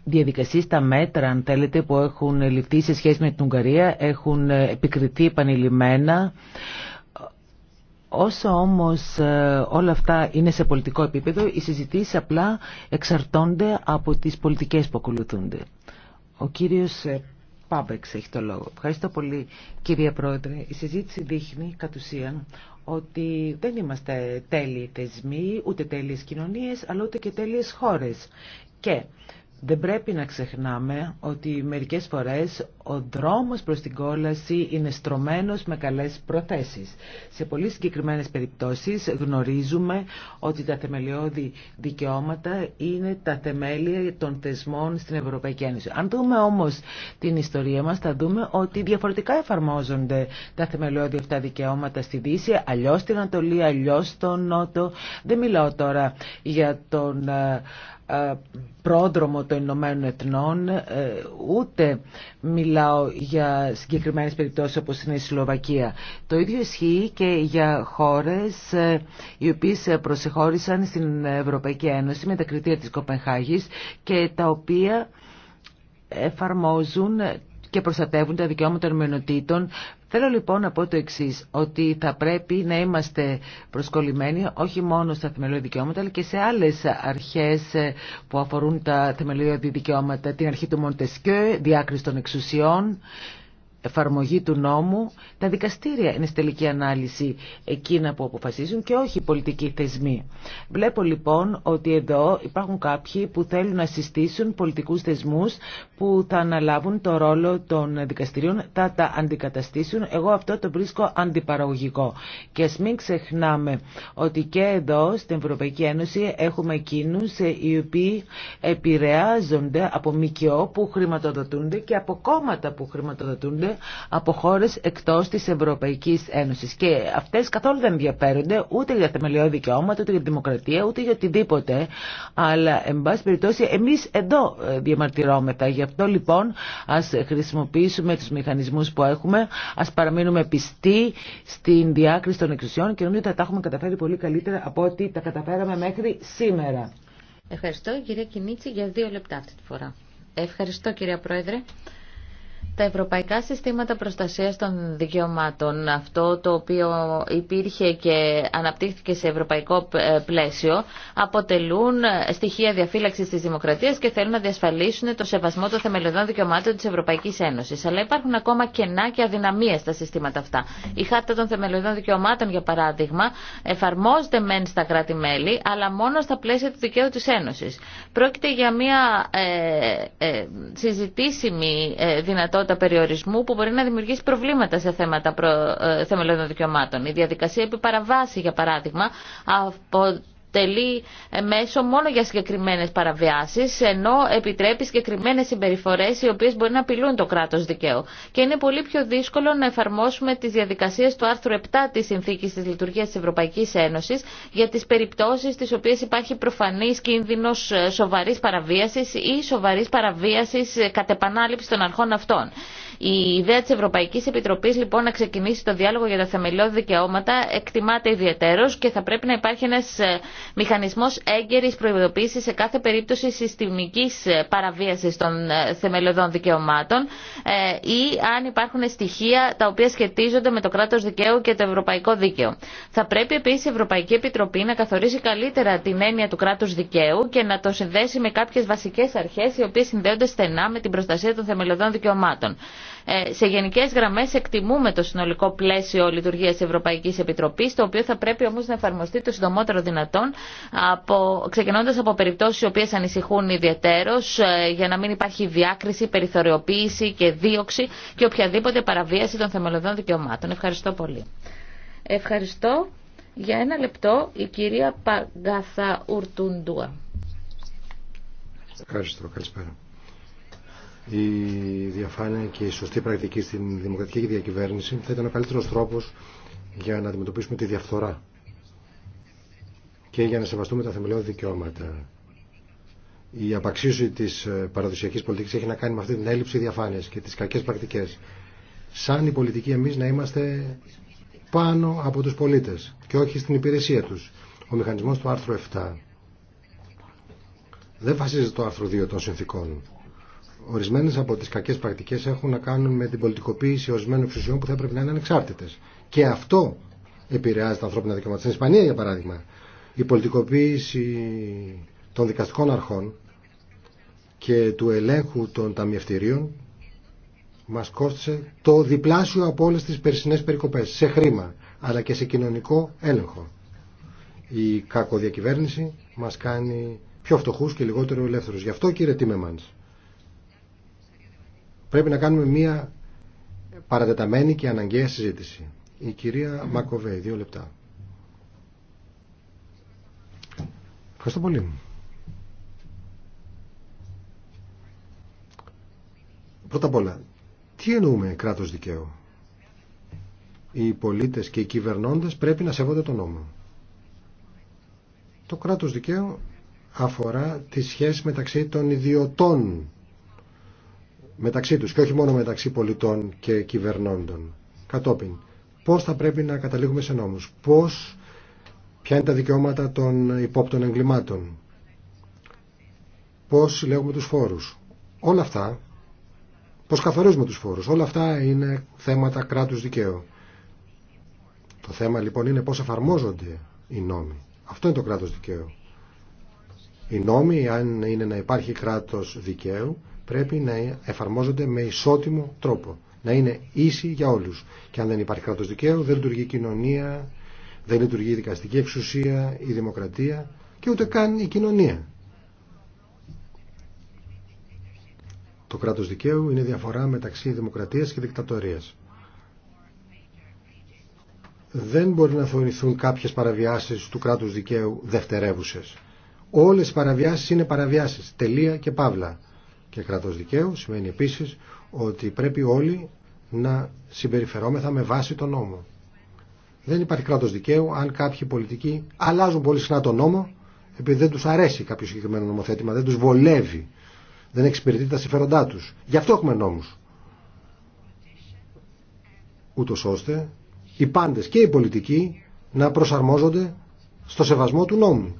διαδικασίε, τα μέτρα, αν θέλετε, που έχουν ληφθεί σε σχέση με την Ουγγαρία έχουν επικριθεί επανειλημμένα. Όσο όμως ε, όλα αυτά είναι σε πολιτικό επίπεδο, οι συζητήσεις απλά εξαρτώνται από τις πολιτικές που ακολουθούνται. Ο κύριος ε, Πάμπεξ έχει το λόγο. Ευχαριστώ πολύ κυρία Πρόεδρε. Η συζήτηση δείχνει κατ' ουσίαν ότι δεν είμαστε τέλειοι θεσμοί, ούτε τέλειες κοινωνίες, αλλά ούτε και τέλειες χώρες. Και δεν πρέπει να ξεχνάμε ότι μερικές φορές ο δρόμος προς την κόλαση είναι στρωμένος με καλές προθέσεις. Σε πολύ συγκεκριμένες περιπτώσεις γνωρίζουμε ότι τα θεμελιώδη δικαιώματα είναι τα θεμέλια των θεσμών στην Ευρωπαϊκή Ένωση. Αν δούμε όμως την ιστορία μας θα δούμε ότι διαφορετικά εφαρμόζονται τα θεμελιώδη αυτά δικαιώματα στη Δύση, αλλιώς στην Ανατολή, αλλιώς στον Νότο. Δεν μιλάω τώρα για τον ε, ε, πρόδρομο των Ηνωμένων Εθνών, ε, ούτε μιλάω για συγκεκριμένες περιπτώσεις όπως είναι η Σλοβακία. Το ίδιο ισχύει και για χώρες ε, οι οποίες προσεχώρησαν στην Ευρωπαϊκή Ένωση με τα κριτήρια της Κοπενχάγης και τα οποία εφαρμόζουν και προστατεύουν τα δικαιώματα των μειονοτήτων. Θέλω λοιπόν να πω το εξή, ότι θα πρέπει να είμαστε προσκολλημένοι όχι μόνο στα θεμελιώδη δικαιώματα, αλλά και σε άλλε αρχέ που αφορούν τα θεμελιώδη δικαιώματα. Την αρχή του Μοντεσκιό, διάκριση των εξουσιών εφαρμογή του νόμου, τα δικαστήρια είναι στη τελική ανάλυση εκείνα που αποφασίζουν και όχι οι πολιτικοί θεσμοί. Βλέπω λοιπόν ότι εδώ υπάρχουν κάποιοι που θέλουν να συστήσουν πολιτικούς θεσμούς που θα αναλάβουν το ρόλο των δικαστηρίων, θα τα αντικαταστήσουν. Εγώ αυτό το βρίσκω αντιπαραγωγικό. Και ας μην ξεχνάμε ότι και εδώ στην Ευρωπαϊκή Ένωση έχουμε εκείνου οι οποίοι επηρεάζονται από ΜΚΟ που χρηματοδοτούνται και από κόμματα που χρηματοδοτούνται από χώρες εκτός της Ευρωπαϊκής Ένωσης και αυτές καθόλου δεν ενδιαφέρονται ούτε για θεμελιώδη δικαιώματα, ούτε για τη δημοκρατία, ούτε για οτιδήποτε. Αλλά, εν πάση περιπτώσει, εμείς εδώ ε, διαμαρτυρόμεθα. Γι' αυτό λοιπόν ας χρησιμοποιήσουμε τους μηχανισμούς που έχουμε, ας παραμείνουμε πιστοί στην διάκριση των εξουσιών και νομίζω ότι τα έχουμε καταφέρει πολύ καλύτερα από ό,τι τα καταφέραμε μέχρι σήμερα. Ευχαριστώ κυρία Κινίτση για δύο λεπτά αυτή τη φορά. Ευχαριστώ κυρία Πρόεδρε τα ευρωπαϊκά συστήματα προστασίας των δικαιωμάτων, αυτό το οποίο υπήρχε και αναπτύχθηκε σε ευρωπαϊκό ε, πλαίσιο, αποτελούν ε, στοιχεία διαφύλαξης της δημοκρατίας και θέλουν να διασφαλίσουν το σεβασμό των θεμελιωδών δικαιωμάτων της Ευρωπαϊκής Ένωσης. Αλλά υπάρχουν ακόμα κενά και αδυναμίες στα συστήματα αυτά. Η Χάρτα των Θεμελιωδών Δικαιωμάτων, για παράδειγμα, εφαρμόζεται μεν στα κράτη-μέλη, αλλά μόνο στα πλαίσια του δικαίου της Ένωσης. Πρόκειται για μια ε, ε, συζητήσιμη ε, δυνατότητα τα περιορισμού που μπορεί να δημιουργήσει προβλήματα σε θέματα προ... Ε, θεμελιωδών δικαιωμάτων. Η διαδικασία επιπαραβάσει, για παράδειγμα, από αποτελεί μέσο μόνο για συγκεκριμένες παραβιάσεις, ενώ επιτρέπει συγκεκριμένες συμπεριφορές οι οποίες μπορεί να απειλούν το κράτος δικαίου. Και είναι πολύ πιο δύσκολο να εφαρμόσουμε τις διαδικασίες του άρθρου 7 της Συνθήκης της Λειτουργίας της Ευρωπαϊκής Ένωσης για τις περιπτώσεις τις οποίες υπάρχει προφανής κίνδυνος ε, σοβαρής παραβίασης ή σοβαρής παραβίασης ε, κατ' επανάληψη των αρχών αυτών. Η ιδέα τη Ευρωπαϊκή Επιτροπή λοιπόν να ξεκινήσει το διάλογο για τα θεμελιώδη δικαιώματα εκτιμάται ιδιαίτερω και θα πρέπει να υπάρχει ένα ε, μηχανισμό έγκαιρη προειδοποίηση σε κάθε περίπτωση συστημικής ε, παραβίαση των ε, θεμελιωδών δικαιωμάτων ή αν υπάρχουν στοιχεία τα οποία σχετίζονται με το κράτο δικαίου και το ευρωπαϊκό δίκαιο. Θα πρέπει επίση η Ευρωπαϊκή Επιτροπή να καθορίσει καλύτερα την έννοια του κράτου δικαίου και να το συνδέσει με κάποιε βασικέ αρχέ οι οποίε συνδέονται στενά με την προστασία των θεμελιωδών δικαιωμάτων. Ε, σε γενικές γραμμές εκτιμούμε το συνολικό πλαίσιο τη Ευρωπαϊκής Επιτροπής, το οποίο θα πρέπει όμως να εφαρμοστεί το συντομότερο δυνατόν, από, ξεκινώντας από περιπτώσεις οι οποίες ανησυχούν ιδιαίτερω, ε, για να μην υπάρχει διάκριση, περιθωριοποίηση και δίωξη και οποιαδήποτε παραβίαση των θεμελιωδών δικαιωμάτων. Ευχαριστώ πολύ. Ευχαριστώ. Για ένα λεπτό η κυρία Παγκάθα Ουρτούντουα. Ευχαριστώ. Καλησπέρα η διαφάνεια και η σωστή πρακτική στην δημοκρατική διακυβέρνηση θα ήταν ο καλύτερος τρόπος για να αντιμετωπίσουμε τη διαφθορά και για να σεβαστούμε τα θεμελιώδη δικαιώματα. Η απαξίωση της ε, παραδοσιακής πολιτικής έχει να κάνει με αυτή την έλλειψη διαφάνειας και τις κακές πρακτικές. Σαν η πολιτική εμείς να είμαστε πάνω από τους πολίτες και όχι στην υπηρεσία τους. Ο μηχανισμός του άρθρου 7 δεν βασίζεται το άρθρο 2 των συνθήκων Ορισμένε από τι κακέ πρακτικέ έχουν να κάνουν με την πολιτικοποίηση ορισμένων εξουσιών που θα έπρεπε να είναι ανεξάρτητε. Και αυτό επηρεάζει τα ανθρώπινα δικαιώματα. Στην Ισπανία, για παράδειγμα, η πολιτικοποίηση των δικαστικών αρχών και του ελέγχου των ταμιευτηρίων μα κόστησε το διπλάσιο από όλε τι περσινέ περικοπές σε χρήμα αλλά και σε κοινωνικό έλεγχο. Η κακοδιακυβέρνηση μας κάνει πιο φτωχούς και λιγότερο ελεύθερους. Γι' αυτό κύριε Τίμεμανς πρέπει να κάνουμε μία παρατεταμένη και αναγκαία συζήτηση. Η κυρία Μακοβέ, δύο λεπτά. Ευχαριστώ πολύ. Πρώτα απ' όλα, τι εννοούμε κράτος δικαίου. Οι πολίτες και οι κυβερνώντες πρέπει να σέβονται τον νόμο. Το κράτος δικαίου αφορά τη σχέση μεταξύ των ιδιωτών μεταξύ τους και όχι μόνο μεταξύ πολιτών και κυβερνώντων. Κατόπιν, πώς θα πρέπει να καταλήγουμε σε νόμους, πώς, ποια είναι τα δικαιώματα των υπόπτων εγκλημάτων, πώς συλλέγουμε τους φόρους. Όλα αυτά, πώς καθορίζουμε τους φόρους, όλα αυτά είναι θέματα κράτους δικαίου. Το θέμα λοιπόν είναι πώς εφαρμόζονται οι νόμοι. Αυτό είναι το κράτος δικαίου. Οι νόμοι, αν είναι να υπάρχει κράτος δικαίου, πρέπει να ε, εφαρμόζονται με ισότιμο τρόπο. Να είναι ίση για όλου. Και αν δεν υπάρχει κράτο δικαίου, δεν λειτουργεί η κοινωνία, δεν λειτουργεί η δικαστική εξουσία, η δημοκρατία και ούτε καν η κοινωνία. Το κράτο δικαίου είναι διαφορά μεταξύ δημοκρατία και δικτατορία. Δεν μπορεί να θεωρηθούν κάποιε παραβιάσει του κράτου δικαίου δευτερεύουσε. Όλε οι παραβιάσει είναι παραβιάσει. Τελεία και παύλα και κράτος δικαίου σημαίνει επίσης ότι πρέπει όλοι να συμπεριφερόμεθα με βάση τον νόμο. Δεν υπάρχει κράτος δικαίου αν κάποιοι πολιτικοί αλλάζουν πολύ συχνά τον νόμο επειδή δεν τους αρέσει κάποιο συγκεκριμένο νομοθέτημα, δεν τους βολεύει, δεν εξυπηρετεί τα συμφέροντά τους. Γι' αυτό έχουμε νόμους. Ούτως ώστε οι πάντες και οι πολιτικοί να προσαρμόζονται στο σεβασμό του νόμου.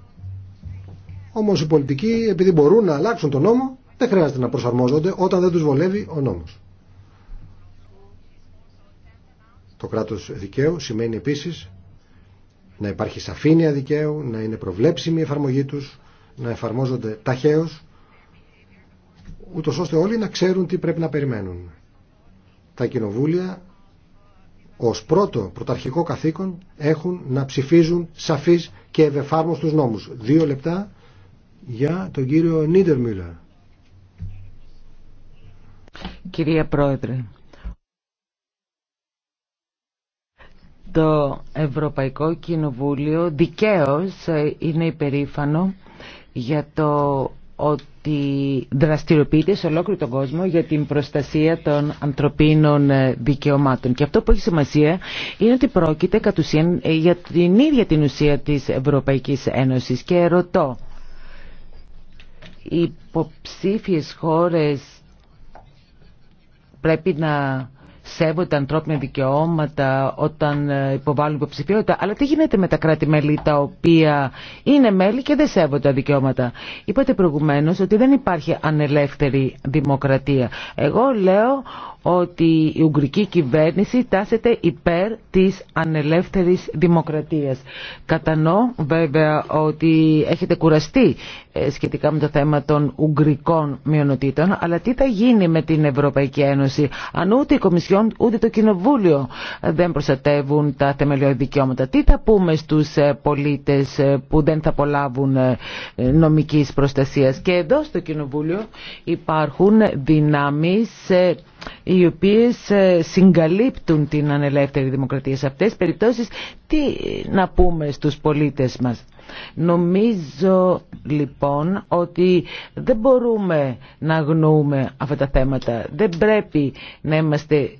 Όμως οι πολιτικοί επειδή μπορούν να αλλάξουν τον νόμο δεν χρειάζεται να προσαρμόζονται όταν δεν τους βολεύει ο νόμος. Το κράτος δικαίου σημαίνει επίσης να υπάρχει σαφήνεια δικαίου, να είναι προβλέψιμη η εφαρμογή τους, να εφαρμόζονται ταχαίως, ούτως ώστε όλοι να ξέρουν τι πρέπει να περιμένουν. Τα κοινοβούλια ως πρώτο πρωταρχικό καθήκον έχουν να ψηφίζουν σαφείς και ευεφάρμοστους νόμους. Δύο λεπτά για τον κύριο Νίντερμιλλερ. Κυρία Πρόεδρε, το Ευρωπαϊκό Κοινοβούλιο δικαίως είναι υπερήφανο για το ότι δραστηριοποιείται σε ολόκληρο τον κόσμο για την προστασία των ανθρωπίνων δικαιωμάτων. Και αυτό που έχει σημασία είναι ότι πρόκειται κατ' ουσίαν ε, για την ίδια την ουσία της Ευρωπαϊκής Ένωσης. Και ρωτώ, οι υποψήφιες χώρες πρέπει να σέβονται ανθρώπινα δικαιώματα όταν ε, υποβάλλουν υποψηφιότητα. Αλλά τι γίνεται με τα κράτη-μέλη τα οποία είναι μέλη και δεν σέβονται τα δικαιώματα. Είπατε προηγουμένω ότι δεν υπάρχει ανελεύθερη δημοκρατία. Εγώ λέω ότι η Ουγγρική κυβέρνηση τάσεται υπέρ της ανελεύθερης δημοκρατίας. Κατανοώ βέβαια ότι έχετε κουραστεί ε, σχετικά με το θέμα των Ουγγρικών μειονοτήτων, αλλά τι θα γίνει με την Ευρωπαϊκή Ένωση, αν ούτε η Κομισιόν ούτε το Κοινοβούλιο ε, δεν προστατεύουν τα θεμελιώδη δικαιώματα. Τι θα πούμε στους ε, πολίτες που δεν θα απολάβουν νομικής προστασίας. Και εδώ στο Κοινοβούλιο υπάρχουν δυνάμεις οι οποίες ε, συγκαλύπτουν την ανελεύθερη δημοκρατία σε αυτές τις περιπτώσεις τι να πούμε στους πολίτες μας Νομίζω λοιπόν ότι δεν μπορούμε να αγνοούμε αυτά τα θέματα. Δεν πρέπει να είμαστε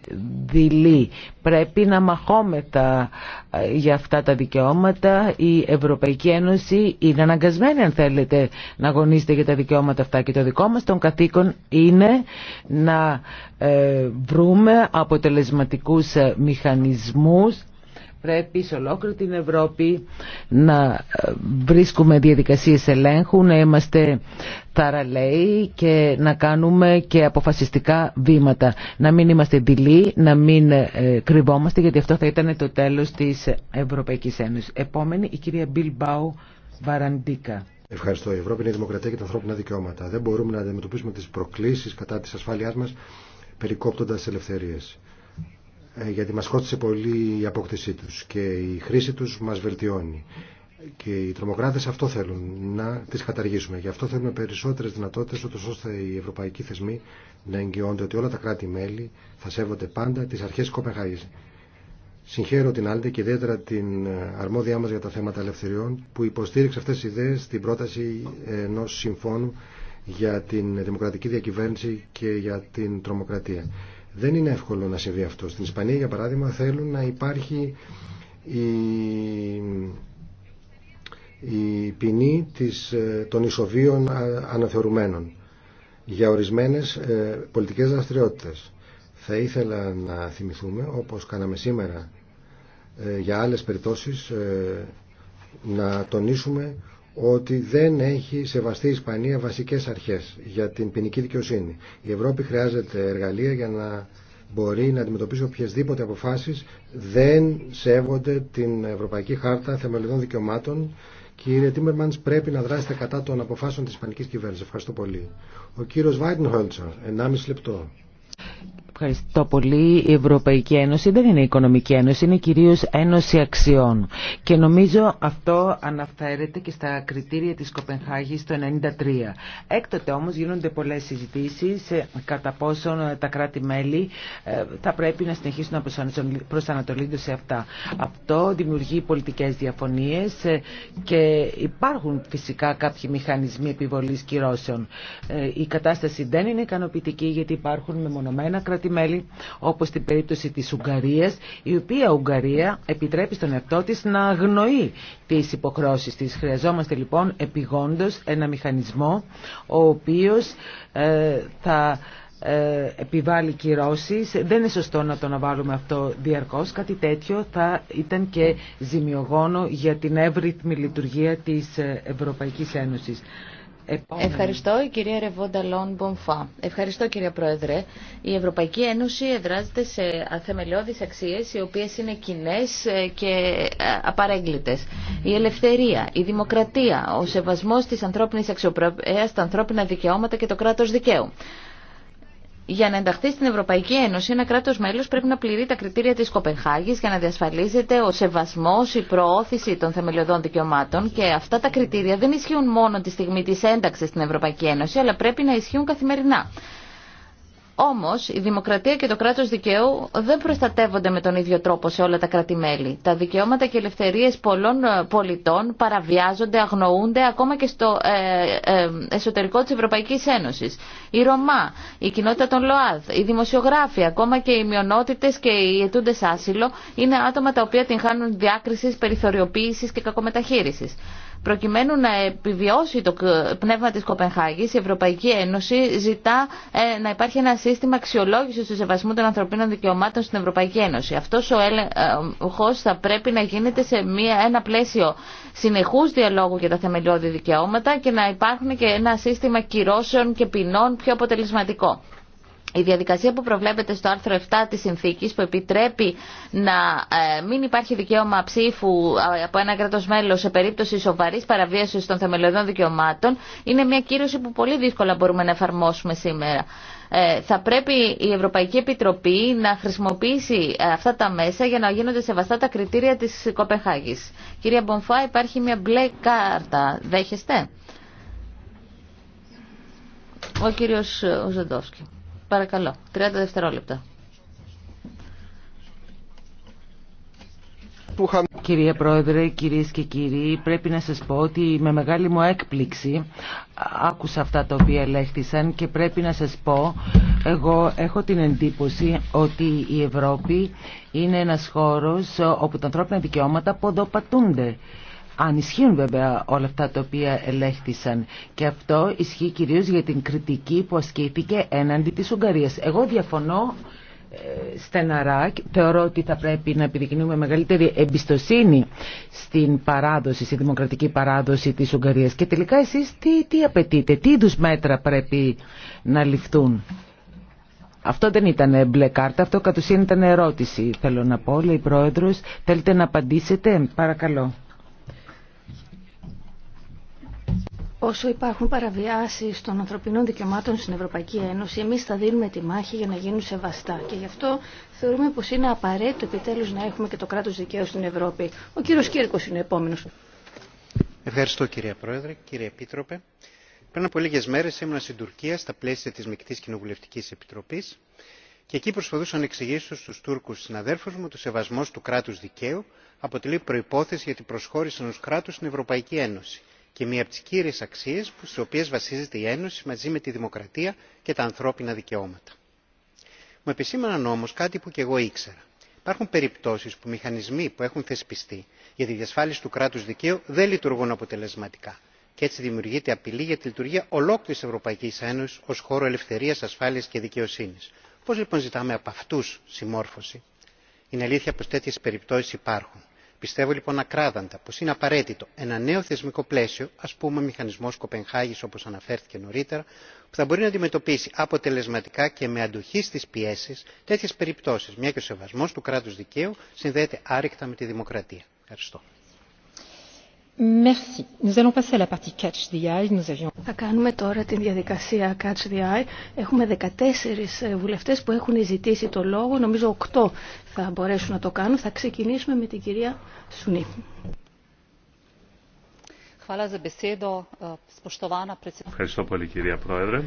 δειλοί. Πρέπει να μαχόμετα ε, για αυτά τα δικαιώματα. Η Ευρωπαϊκή Ένωση είναι αναγκασμένη αν θέλετε να αγωνίζεται για τα δικαιώματα αυτά και το δικό μας των καθήκον είναι να ε, βρούμε αποτελεσματικούς ε, μηχανισμούς Πρέπει σε ολόκληρη την Ευρώπη να ε, βρίσκουμε διαδικασίες ελέγχου, να είμαστε θαραλέοι και να κάνουμε και αποφασιστικά βήματα. Να μην είμαστε δειλοί, να μην ε, κρυβόμαστε γιατί αυτό θα ήταν το τέλος της Ευρωπαϊκής Ένωσης. Επόμενη η κυρία Μπιλμπάου Βαραντίκα. Ευχαριστώ. Η Ευρώπη είναι η δημοκρατία και τα ανθρώπινα δικαιώματα. Δεν μπορούμε να αντιμετωπίσουμε τις προκλήσεις κατά της ασφάλειάς μας περικόπτοντας ελευθερίες. Ε, γιατί μας κόστησε πολύ η απόκτησή τους και η χρήση τους μας βελτιώνει. Και οι τρομοκράτες αυτό θέλουν, να τις καταργήσουμε. Γι' αυτό θέλουμε περισσότερες δυνατότητες, ώστε οι ευρωπαϊκοί θεσμοί να εγγυώνται ότι όλα τα κράτη-μέλη θα σέβονται πάντα τις αρχές Κοπεχάγης. Συγχαίρω την Άλντε και ιδιαίτερα την αρμόδιά μας για τα θέματα ελευθεριών που υποστήριξε αυτές τις ιδέες στην πρόταση ενός συμφώνου για την δημοκρατική διακυβέρνηση και για την τρομοκρατία. Δεν είναι εύκολο να συμβεί αυτό. Στην Ισπανία, για παράδειγμα, θέλουν να υπάρχει η, η ποινή της, ε, των ισοβίων αναθεωρουμένων για ορισμένες ε, πολιτικές δραστηριότητες. Θα ήθελα να θυμηθούμε, όπως κάναμε σήμερα ε, για άλλες περιπτώσεις, να τονίσουμε ότι δεν έχει σεβαστεί η Ισπανία βασικές αρχές για την ποινική δικαιοσύνη. Η Ευρώπη χρειάζεται εργαλεία για να μπορεί να αντιμετωπίσει οποιασδήποτε αποφάσεις δεν σέβονται την Ευρωπαϊκή Χάρτα Θεμελιωδών Δικαιωμάτων. Κύριε Τίμερμαντ, πρέπει να δράσετε κατά των αποφάσεων της ισπανικής κυβέρνησης. Ευχαριστώ πολύ. Ο κύριο Βάιντενχόλτσα, 1,5 λεπτό. Ευχαριστώ πολύ. Η Ευρωπαϊκή Ένωση δεν είναι η Οικονομική Ένωση, είναι κυρίως Ένωση Αξιών. Και νομίζω αυτό αναφέρεται και στα κριτήρια της Κοπενχάγης το 1993. Έκτοτε όμως γίνονται πολλές συζητήσεις κατά πόσον τα κράτη-μέλη ε, θα πρέπει να συνεχίσουν να προσανατολίζονται σε αυτά. Αυτό δημιουργεί πολιτικές διαφωνίες ε, και υπάρχουν φυσικά κάποιοι μηχανισμοί επιβολής κυρώσεων. Ε, η κατάσταση δεν είναι ικανοποιητική γιατί υπάρχουν μεμονωμένα κράτη μελη όπως στην περίπτωση της Ουγγαρίας, η οποία Ουγγαρία επιτρέπει στον εαυτό της να αγνοεί τις υποχρώσεις της. Χρειαζόμαστε λοιπόν επιγόντως ένα μηχανισμό, ο οποίος ε, θα ε, επιβάλλει κυρώσεις. Δεν είναι σωστό να το αναβάλουμε αυτό διαρκώς. Κάτι τέτοιο θα ήταν και ζημιογόνο για την εύρυθμη λειτουργία της ε, Ευρωπαϊκής Ένωσης. Ευχαριστώ η κυρία Ρεβόντα Λόν Μπομφά. Ευχαριστώ κυρία Πρόεδρε. Η Ευρωπαϊκή Ένωση εδράζεται σε αθεμελιώδεις αξίες οι οποίες είναι κοινέ ε, και ε, απαρέγκλητες. Η ελευθερία, η δημοκρατία, ο σεβασμός της ανθρώπινης αξιοπρέπειας, τα ανθρώπινα δικαιώματα και το κράτος δικαίου για να ενταχθεί στην Ευρωπαϊκή Ένωση, ένα κράτο μέλο πρέπει να πληρεί τα κριτήρια τη Κοπενχάγη για να διασφαλίζεται ο σεβασμό, η προώθηση των θεμελιωδών δικαιωμάτων και αυτά τα κριτήρια δεν ισχύουν μόνο τη στιγμή τη ένταξη στην Ευρωπαϊκή Ένωση, αλλά πρέπει να ισχύουν καθημερινά. Όμως η δημοκρατία και το κράτος δικαίου δεν προστατεύονται με τον ίδιο τρόπο σε όλα τα κρατημέλη. μελη Τα δικαιώματα και ελευθερίες πολλών ε, πολιτών παραβιάζονται, αγνοούνται ακόμα και στο ε, ε, εσωτερικό της Ευρωπαϊκής Ένωσης. Η Ρωμά, η κοινότητα των ΛΟΑΔ, οι δημοσιογράφοι, ακόμα και οι μειονότητες και οι ετούντε άσυλο είναι άτομα τα οποία την χάνουν διάκριση, περιθωριοποίηση και κακομεταχείριση. Προκειμένου να επιβιώσει το πνεύμα της Κοπενχάγης, η Ευρωπαϊκή Ένωση ζητά ε, να υπάρχει ένα σύστημα αξιολόγησης του σεβασμού των ανθρωπίνων δικαιωμάτων στην Ευρωπαϊκή Ένωση. Αυτός ο έλεγχος ε, θα πρέπει να γίνεται σε μια, ένα πλαίσιο συνεχούς διαλόγου για τα θεμελιώδη δικαιώματα και να υπάρχουν και ένα σύστημα κυρώσεων και ποινών πιο αποτελεσματικό η διαδικασία που προβλέπεται στο άρθρο 7 της συνθήκης που επιτρέπει να ε, μην υπάρχει δικαίωμα ψήφου ε, από ένα κράτος μέλος σε περίπτωση σοβαρής παραβίασης των θεμελιωδών δικαιωμάτων είναι μια κύρωση που πολύ δύσκολα μπορούμε να εφαρμόσουμε σήμερα. Ε, θα πρέπει η Ευρωπαϊκή Επιτροπή να χρησιμοποιήσει αυτά τα μέσα για να γίνονται σεβαστά τα κριτήρια της Κοπεχάγης. Κυρία Μπομφά, υπάρχει μια μπλε κάρτα. Δέχεστε? Ο κύριος Ζεντόφσκι. Παρακαλώ, 30 δευτερόλεπτα. Κυρία Πρόεδρε, κυρίες και κύριοι, πρέπει να σας πω ότι με μεγάλη μου έκπληξη άκουσα αυτά τα οποία ελέγχθησαν και πρέπει να σας πω, εγώ έχω την εντύπωση ότι η Ευρώπη είναι ένας χώρος όπου τα ανθρώπινα δικαιώματα ποδοπατούνται. Αν ισχύουν βέβαια όλα αυτά τα οποία ελέγχθησαν. Και αυτό ισχύει κυρίως για την κριτική που ασκήθηκε έναντι της Ουγγαρίας. Εγώ διαφωνώ ε, στεναρά και θεωρώ ότι θα πρέπει να επιδεικνύουμε μεγαλύτερη εμπιστοσύνη στην παράδοση, στη δημοκρατική παράδοση της Ουγγαρίας και τελικά εσείς τι, τι απαιτείτε, τι είδου μέτρα πρέπει να ληφθούν αυτό δεν ήταν μπλε κάρτα, αυτό κατ' ήταν ερώτηση θέλω να πω λέει η Πρόεδρος θέλετε να απαντήσετε, παρακαλώ Όσο υπάρχουν παραβιάσει των ανθρωπινών δικαιωμάτων στην Ευρωπαϊκή Ένωση, εμεί θα δίνουμε τη μάχη για να γίνουν σεβαστά. Και γι' αυτό θεωρούμε πω είναι απαραίτητο επιτέλου να έχουμε και το κράτο δικαίου στην Ευρώπη. Ο κύριο Κύρκο, είναι ο επόμενο. Ευχαριστώ κύριε Πρόεδρε, κύριε Επίτροπε. Πριν από λίγε μέρε ήμουν στην Τουρκία στα πλαίσια τη Μικτής κοινοβουλευτική επιτροπή, και εκεί προσπαθούσα να εξηγήσω στου Τούρκου συναδέρφου μου το σεβασμό του κράτου δικαίου αποτελεί προπόθεση για την προσχώρηση ενό κράτου στην Ευρωπαϊκή Ένωση και μία από τις κύριες αξίες στις οποίες βασίζεται η Ένωση μαζί με τη δημοκρατία και τα ανθρώπινα δικαιώματα. Μου επισήμαναν όμω κάτι που και εγώ ήξερα. Υπάρχουν περιπτώσει που μηχανισμοί που έχουν θεσπιστεί για τη διασφάλιση του κράτου δικαίου δεν λειτουργούν αποτελεσματικά και έτσι δημιουργείται απειλή για τη λειτουργία ολόκληρη Ευρωπαϊκή Ένωση ω χώρο ελευθερία, ασφάλεια και δικαιοσύνη. Πώ λοιπόν ζητάμε από αυτού συμμόρφωση. Είναι αλήθεια πω τέτοιε περιπτώσει υπάρχουν πιστεύω λοιπόν ακράδαντα πω είναι απαραίτητο ένα νέο θεσμικό πλαίσιο α πούμε μηχανισμό κοπενχάγη όπω αναφέρθηκε νωρίτερα που θα μπορεί να αντιμετωπίσει αποτελεσματικά και με αντοχή στι πιέσει τέτοιε περιπτώσει μια και ο σεβασμό του κράτου δικαίου συνδέεται άρρηκτα με τη δημοκρατία. ευχαριστώ. Θα κάνουμε τώρα την διαδικασία Catch the Eye. Έχουμε 14 ε, βουλευτές που έχουν ζητήσει το λόγο. Νομίζω 8 θα μπορέσουν να το κάνουν. Θα ξεκινήσουμε με την κυρία Σουνή. Ε, Ευχαριστώ πολύ κυρία Πρόεδρε.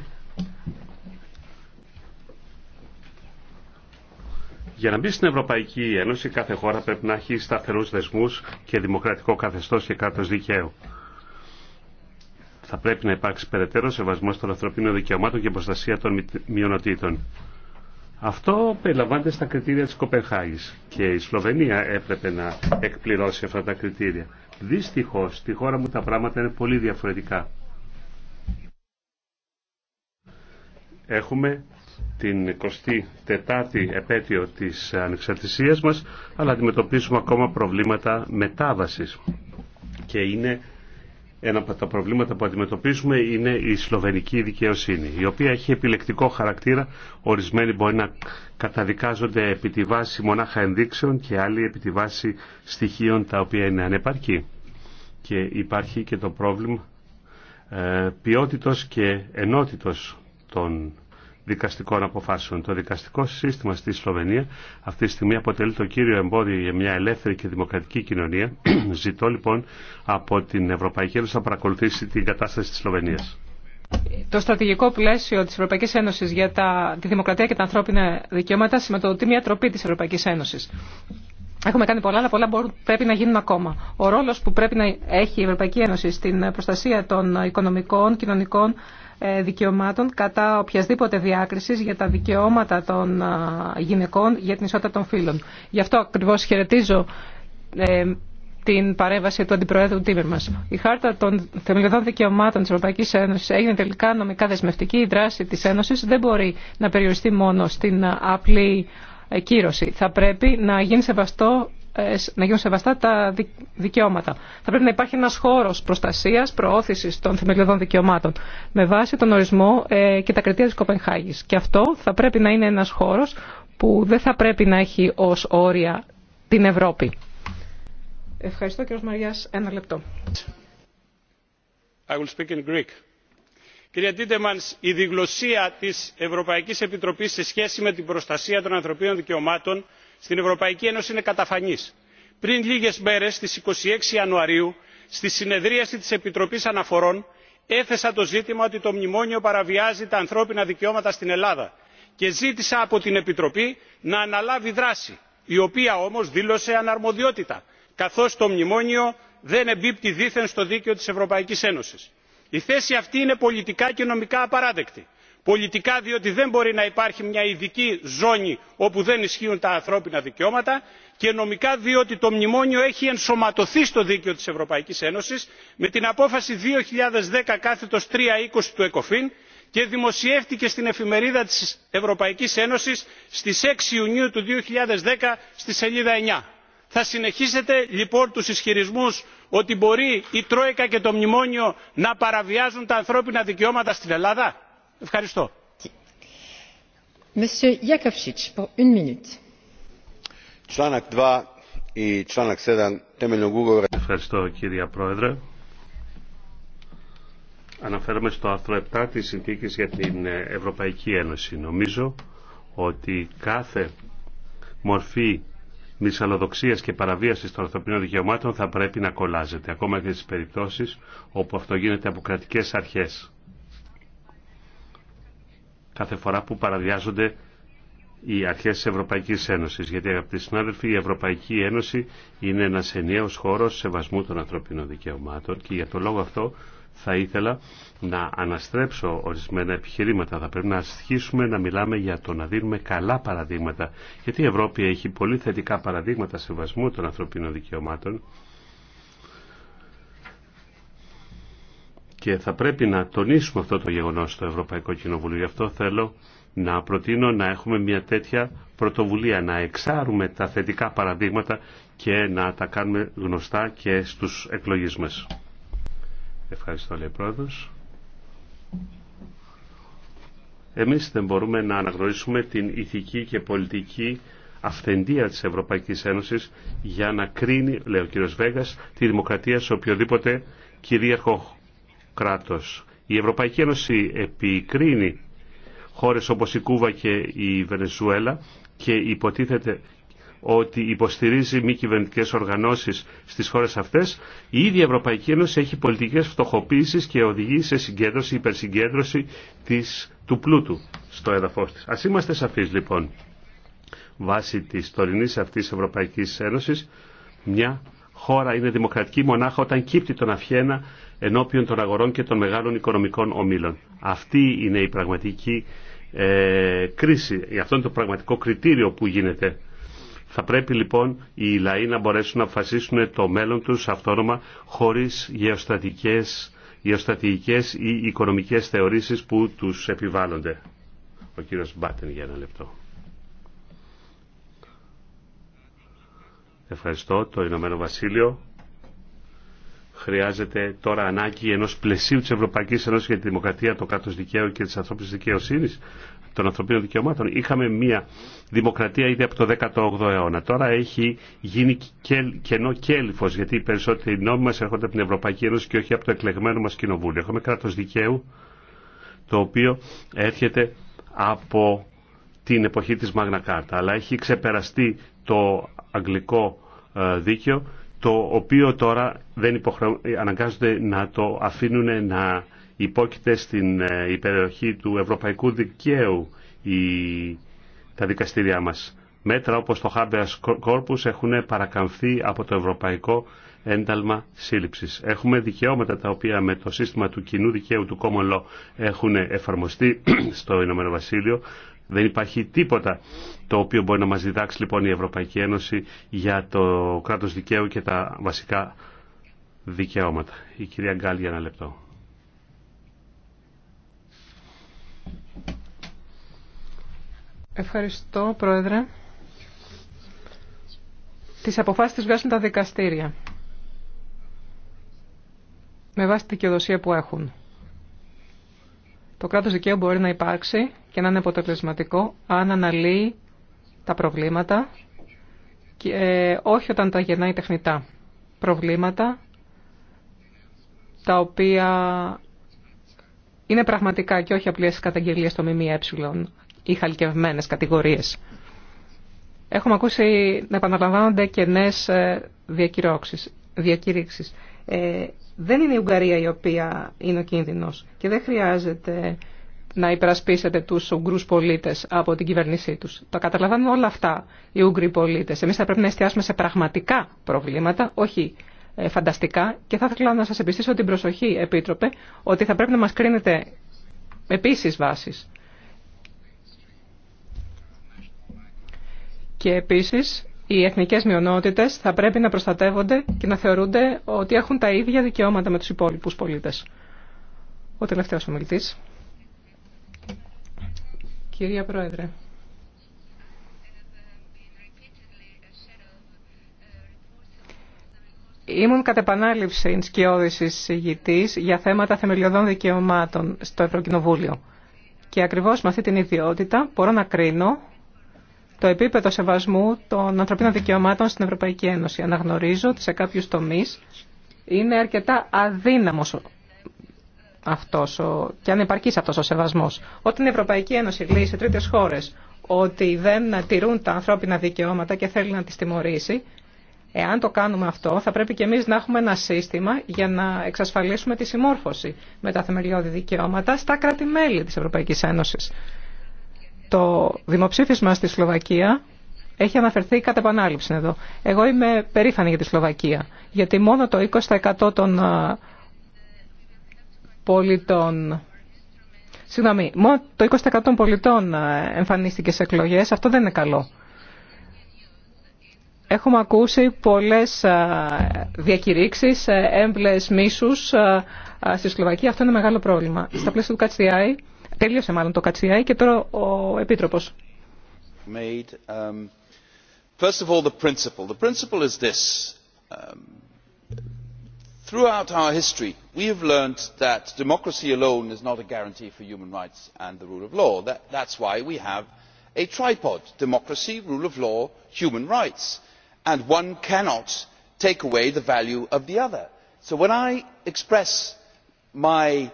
Για να μπει στην Ευρωπαϊκή Ένωση, κάθε χώρα πρέπει να έχει σταθερού δεσμού και δημοκρατικό καθεστώ και κράτο δικαίου. Θα πρέπει να υπάρξει περαιτέρω σεβασμό των ανθρωπίνων δικαιωμάτων και προστασία των μειονοτήτων. Αυτό περιλαμβάνεται στα κριτήρια τη Κοπενχάγη και η Σλοβενία έπρεπε να εκπληρώσει αυτά τα κριτήρια. Δυστυχώ, στη χώρα μου τα πράγματα είναι πολύ διαφορετικά. Έχουμε την 24η επέτειο της ανεξαρτησίας μας, αλλά αντιμετωπίζουμε ακόμα προβλήματα μετάβασης. Και είναι ένα από τα προβλήματα που αντιμετωπίζουμε είναι η σλοβενική δικαιοσύνη, η οποία έχει επιλεκτικό χαρακτήρα. Ορισμένοι μπορεί να καταδικάζονται επί τη βάση μονάχα ενδείξεων και άλλοι επί τη βάση στοιχείων τα οποία είναι ανεπαρκή. Και υπάρχει και το πρόβλημα ε, ποιότητος και ενότητος των δικαστικών αποφάσεων. Το δικαστικό σύστημα στη Σλοβενία αυτή τη στιγμή αποτελεί το κύριο εμπόδιο για μια ελεύθερη και δημοκρατική κοινωνία. [CLEARS THROAT] Ζητώ λοιπόν από την Ευρωπαϊκή Ένωση να παρακολουθήσει την κατάσταση της Σλοβενίας. Το στρατηγικό πλαίσιο της Ευρωπαϊκής Ένωσης για τα, τη δημοκρατία και τα ανθρώπινα δικαιώματα σηματοδοτεί μια τροπή της Ευρωπαϊκής Ένωσης. Έχουμε κάνει πολλά, αλλά πολλά μπορούν, πρέπει να γίνουν ακόμα. Ο ρόλο που πρέπει να έχει η Ευρωπαϊκή Ένωση στην προστασία των οικονομικών, κοινωνικών, ε, δικαιωμάτων κατά οποιασδήποτε διάκριση για τα δικαιώματα των ε, γυναικών για την ισότητα των φύλων. Γι' αυτό ακριβώ χαιρετίζω ε, την παρέμβαση του Αντιπροέδρου Τίμερ μας. Η Χάρτα των Θεμελιωδών Δικαιωμάτων της Ευρωπαϊκής Ένωσης έγινε τελικά νομικά δεσμευτική. Η δράση της Ένωσης δεν μπορεί να περιοριστεί μόνο στην απλή κύρωση. Θα πρέπει να γίνει σεβαστό ε, να γίνουν σεβαστά τα δικαιώματα. Θα πρέπει να υπάρχει ένα χώρο προστασία, προώθηση των θεμελιωδών δικαιωμάτων με βάση τον ορισμό ε, και τα κριτήρια τη Κοπενχάγη. Και αυτό θα πρέπει να είναι ένα χώρο που δεν θα πρέπει να έχει ω όρια την Ευρώπη. Ευχαριστώ κύριο Μαρία, Ένα λεπτό. I will speak in Greek. Κυρία Τίτεμανς, η διγλωσία της Ευρωπαϊκής Επιτροπής σε σχέση με την προστασία των ανθρωπίνων δικαιωμάτων στην ευρωπαϊκή ένωση είναι καταφανής. πριν λίγες μέρες στις 26 Ιανουαρίου στη συνεδρίαση της Επιτροπής Αναφορών έθεσα το ζήτημα ότι το μνημόνιο παραβιάζει τα ανθρώπινα δικαιώματα στην Ελλάδα και ζήτησα από την Επιτροπή να αναλάβει δράση η οποία όμως δήλωσε αναρμοδιότητα καθώς το μνημόνιο δεν εμπίπτει δήθεν στο δίκαιο της Ευρωπαϊκής Ένωσης. Η θέση αυτή είναι πολιτικά και νομικά απαράδεκτη πολιτικά διότι δεν μπορεί να υπάρχει μια ειδική ζώνη όπου δεν ισχύουν τα ανθρώπινα δικαιώματα και νομικά διότι το μνημόνιο έχει ενσωματωθεί στο δίκαιο της ευρωπαϊκής ένωσης με την απόφαση 2010 χιλιάδες του ecofin και δημοσιεύτηκε στην εφημερίδα της ευρωπαϊκής ένωσης στις 6 ιουνίου του 2010 στη σελίδα 9. θα συνεχίσετε λοιπόν τους ισχυρισμούς ότι μπορεί η τρόικα και το μνημόνιο να παραβιάζουν τα ανθρώπινα δικαιώματα στην ελλάδα; Ευχαριστώ. Članak Ευχαριστώ κύριε Πρόεδρε. Αναφέρομαι στο άρθρο 7 της Συνθήκης για την Ευρωπαϊκή Ένωση. Νομίζω ότι κάθε μορφή μυσαλλοδοξία και παραβίαση των ανθρωπίνων δικαιωμάτων θα πρέπει να κολλάζεται, ακόμα και στι περιπτώσει όπου αυτό γίνεται από κρατικέ αρχέ κάθε φορά που παραδιάζονται οι αρχές της Ευρωπαϊκής Ένωσης. Γιατί αγαπητοί συνάδελφοι, η Ευρωπαϊκή Ένωση είναι ένας ενιαίος χώρος σεβασμού των ανθρωπίνων δικαιωμάτων και για τον λόγο αυτό θα ήθελα να αναστρέψω ορισμένα επιχειρήματα. Θα πρέπει να ασχίσουμε να μιλάμε για το να δίνουμε καλά παραδείγματα. Γιατί η Ευρώπη έχει πολύ θετικά παραδείγματα σεβασμού των ανθρωπίνων δικαιωμάτων και θα πρέπει να τονίσουμε αυτό το γεγονός στο Ευρωπαϊκό Κοινοβούλιο. Γι' αυτό θέλω να προτείνω να έχουμε μια τέτοια πρωτοβουλία, να εξάρουμε τα θετικά παραδείγματα και να τα κάνουμε γνωστά και στους εκλογείς μας. Ευχαριστώ, λέει Πρόεδρος. Εμείς δεν μπορούμε να αναγνωρίσουμε την ηθική και πολιτική αυθεντία της Ευρωπαϊκής Ένωσης για να κρίνει, λέει ο κύριος Βέγας, τη δημοκρατία σε οποιοδήποτε κυρίαρχο κράτος. Η Ευρωπαϊκή Ένωση επικρίνει χώρες όπως η Κούβα και η Βενεζουέλα και υποτίθεται ότι υποστηρίζει μη κυβερνητικέ οργανώσει στι χώρε αυτέ, η ίδια Ευρωπαϊκή Ένωση έχει πολιτικέ φτωχοποίησεις και οδηγεί σε συγκέντρωση, υπερσυγκέντρωση της, του πλούτου στο έδαφο τη. Α είμαστε σαφεί λοιπόν. Βάσει τη τωρινή αυτή Ευρωπαϊκή Ένωση, μια χώρα είναι δημοκρατική μονάχα όταν κύπτει τον αφιένα ενώπιον των αγορών και των μεγάλων οικονομικών ομίλων. Αυτή είναι η πραγματική ε, κρίση. Αυτό είναι το πραγματικό κριτήριο που γίνεται. Θα πρέπει λοιπόν οι λαοί να μπορέσουν να αποφασίσουν το μέλλον τους αυτόνομα χωρίς γεωστατικές, γεωστατικές ή οικονομικές θεωρήσεις που τους επιβάλλονται. Ο κύριος Μπάτεν για ένα λεπτό. Ευχαριστώ. Το Ηνωμένο Βασίλειο χρειάζεται τώρα ανάγκη ενό πλαισίου τη Ευρωπαϊκή Ένωση για τη δημοκρατία, το κράτο δικαίου και της ανθρώπινης δικαιοσύνη, των ανθρωπίνων δικαιωμάτων. Είχαμε μια δημοκρατία ήδη από το 18ο αιώνα. Τώρα έχει γίνει κενό κέλυφο, γιατί οι περισσότεροι νόμοι μα έρχονται από την Ευρωπαϊκή Ένωση και όχι από το εκλεγμένο μα κοινοβούλιο. Έχουμε κράτο δικαίου, το οποίο έρχεται από την εποχή της Μαγνα Κάρτα, αλλά έχει ξεπεραστεί το αγγλικό ε, δίκαιο, το οποίο τώρα δεν υποχρε... αναγκάζονται να το αφήνουν να υπόκειται στην ε, υπεροχή του ευρωπαϊκού δικαίου η... τα δικαστήριά μας. Μέτρα όπως το habeas corpus έχουν παρακαμφθεί από το ευρωπαϊκό ένταλμα σύλληψης. Έχουμε δικαιώματα τα οποία με το σύστημα του κοινού δικαίου του Common Law έχουν εφαρμοστεί [CLEARS THROAT] στο Ηνωμένο Βασίλειο, δεν υπάρχει τίποτα το οποίο μπορεί να μας διδάξει λοιπόν η Ευρωπαϊκή Ένωση για το κράτος δικαίου και τα βασικά δικαιώματα. Η κυρία Γκάλ για ένα λεπτό. Ευχαριστώ, Πρόεδρε. Τις αποφάσεις τις βγάζουν τα δικαστήρια. Με βάση τη δικαιοδοσία που έχουν. Το κράτος δικαίου μπορεί να υπάρξει και να είναι αποτελεσματικό αν αναλύει τα προβλήματα και ε, όχι όταν τα γεννάει τεχνητά. Προβλήματα τα οποία είναι πραγματικά και όχι απλές καταγγελίες στο ΜΜΕ ή χαλκευμένες κατηγορίες. Έχουμε ακούσει να επαναλαμβάνονται και νέες ε, διακήρυξεις. Ε, δεν είναι η Ουγγαρία η οποία είναι ο κίνδυνος και δεν χρειάζεται να υπερασπίσετε τους Ουγγρούς πολίτες από την κυβέρνησή τους. Το καταλαβαίνουν όλα αυτά οι Ουγγροί πολίτες. Εμείς θα πρέπει να εστιάσουμε σε πραγματικά προβλήματα, όχι ε, φανταστικά. Και θα ήθελα να σας επιστήσω την προσοχή, Επίτροπε, ότι θα πρέπει να μας κρίνετε επίσης βάσεις. Και επίσης οι εθνικές μειονότητες θα πρέπει να προστατεύονται και να θεωρούνται ότι έχουν τα ίδια δικαιώματα με τους υπόλοιπους πολίτες. Ο τελευταίος ομιλητής. Κυρία Πρόεδρε. Ήμουν κατ' επανάληψη σκιώδης εισηγητής για θέματα θεμελιωδών δικαιωμάτων στο Ευρωκοινοβούλιο. Και ακριβώς με αυτή την ιδιότητα μπορώ να κρίνω το επίπεδο σεβασμού των ανθρωπίνων δικαιωμάτων στην Ευρωπαϊκή Ένωση. Αναγνωρίζω ότι σε κάποιους τομείς είναι αρκετά αδύναμος αυτός ο, και υπαρκεί αυτός ο σεβασμός. Όταν η Ευρωπαϊκή Ένωση λέει σε τρίτες χώρες ότι δεν τηρούν τα ανθρώπινα δικαιώματα και θέλει να τις τιμωρήσει, εάν το κάνουμε αυτό θα πρέπει και εμείς να έχουμε ένα σύστημα για να εξασφαλίσουμε τη συμμόρφωση με τα θεμελιώδη δικαιώματα στα κράτη-μέλη της Ευρωπαϊκής Ένωσης. Το δημοψήφισμα στη Σλοβακία έχει αναφερθεί κατά επανάληψη εδώ. Εγώ είμαι περήφανη για τη Σλοβακία, γιατί μόνο το 20% των ε, πολιτών. Συγγνώμη, μόνο το 20% των πολιτών ε, εμφανίστηκε σε εκλογές. Αυτό δεν είναι καλό. Έχουμε ακούσει πολλές ε, διακηρύξεις, ε, έμπλες μίσους στη Σλοβακία. Αυτό είναι μεγάλο πρόβλημα. Στα πλαίσια του ΚΑΤΣΙΑΙ, τελείωσε μάλλον το ΚΑΤΣΙΑΙ και τώρα ο Επίτροπος. Um, first of all, the um, throughout our history we have learned that democracy alone is not a guarantee for human rights and the rule of law. that is why we have a tripod democracy rule of law human rights and one cannot take away the value of the other. so when i express my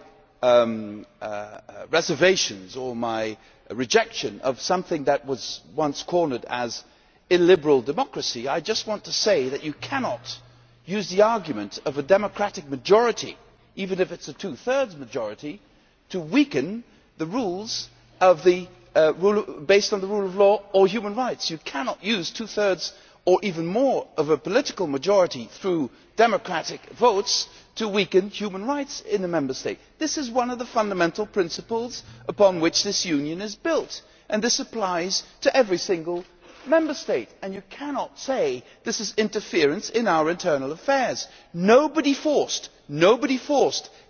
reservations or my rejection of something that was once cornered as illiberal democracy' i just want to say that you cannot use the argument of a democratic majority even if it is a two thirds majority to weaken the rules based on the rule of law or human rights. you cannot use two thirds or even more of a political majority through democratic votes to weaken human rights in a member state. this is one of the fundamental principles upon which this union is built and this applies to every single member state and you cannot say this is interference in our internal affairs. nobody forced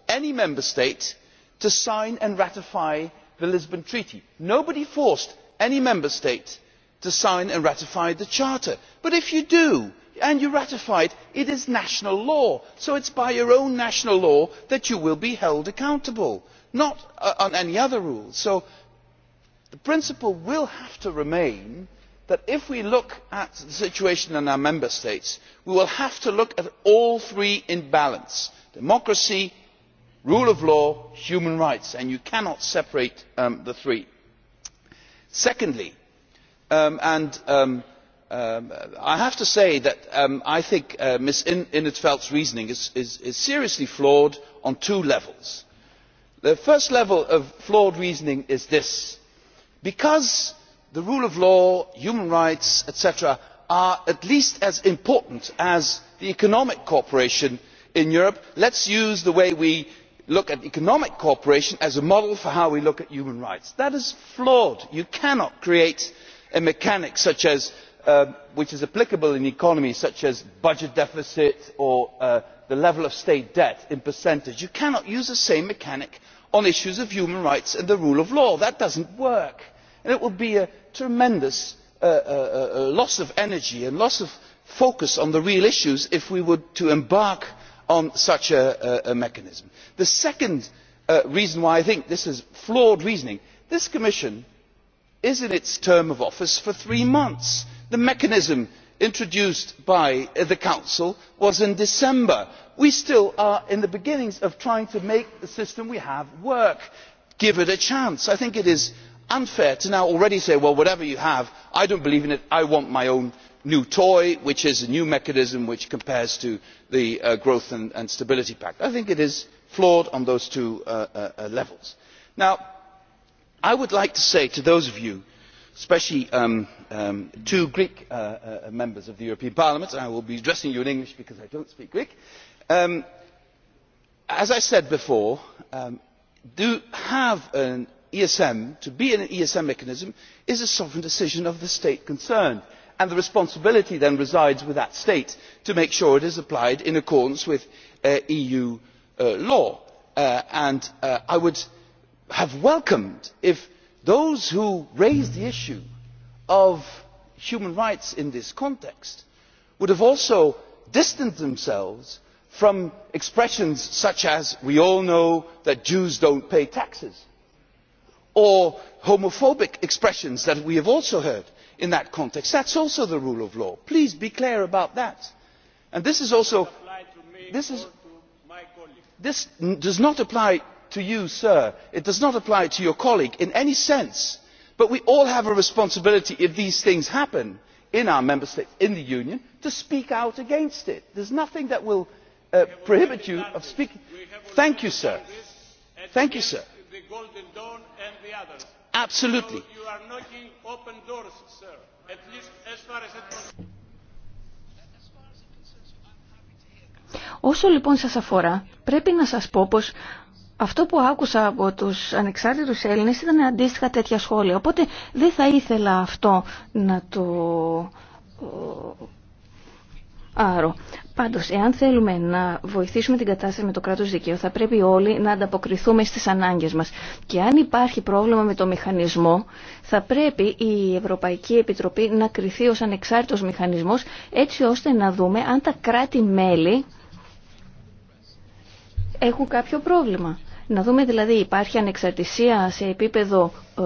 any member state to sign and ratify the lisbon treaty. nobody forced any member state to sign and ratify the charter but if you do and you ratify it it is national law so it is by your own national law that you will be held accountable not on any other rules. so the principle will have to remain that if we look at the situation in our member states we will have to look at all three in balance democracy rule of law and human rights and you cannot separate the three. secondly and i have to say that i think ms in 't veld's reasoning is seriously flawed on two levels. the first level of flawed reasoning is this because the rule of law human rights etc. are at least as important as economic cooperation in europe. let us use the way we look at economic cooperation as a model for how we look at human rights. that is flawed. you cannot create a mechanic which is applicable in economies economy such as budget deficit or the level of state debt in percentage. you cannot use the same mechanic on issues of human rights and the rule of law. that does not work it would be a tremendous loss of energy and loss of focus on the real issues if we were to embark on such a mechanism. the second reason why i think this is flawed reasoning is that this commission is in its term of office for three months. the mechanism introduced by the council was in december. we are still in the beginnings of trying to make the system we have work. give it a chance. i think it unfair to now already say well whatever you have i don't believe in it i want my own new toy which is a new mechanism which compares to the growth and stability pact'. i think it is flawed on those two levels. i would like to say to those of you especially two greek members of the european parliament and i will be addressing you in english because i do not speak greek as i said before do have esm to be an esm mechanism is a sovereign decision of the state concerned and the responsibility then resides with that state to make sure it is applied in accordance with eu law. i would have welcomed if those who raised the issue of human rights in this context would have also distanced themselves from expressions such as we all know that jews do not pay taxes' or homophobic expressions that we have also heard in that context that is also the rule of law. please be clear about that. this does not apply to you sir it does not apply to your colleague in any sense but we all have a responsibility if these things happen in our member states in the union to speak out against it. there is nothing that will prohibit you from speaking. thank you sir. Absolutely. You are knocking open doors, sir. At least as far as it Όσο λοιπόν σας αφορά, πρέπει να σας πω πως αυτό που άκουσα από τους ανεξάρτητους Έλληνες ήταν αντίστοιχα τέτοια σχόλια. Οπότε δεν θα ήθελα αυτό να το ε, άρο. Πάντω, εάν θέλουμε να βοηθήσουμε την κατάσταση με το κράτο δικαίου, θα πρέπει όλοι να ανταποκριθούμε στι ανάγκε μα. Και αν υπάρχει πρόβλημα με το μηχανισμό, θα πρέπει η Ευρωπαϊκή Επιτροπή να κριθεί ω ανεξάρτητο μηχανισμό, έτσι ώστε να δούμε αν τα κράτη-μέλη έχουν κάποιο πρόβλημα. Να δούμε δηλαδή υπάρχει ανεξαρτησία σε επίπεδο ε,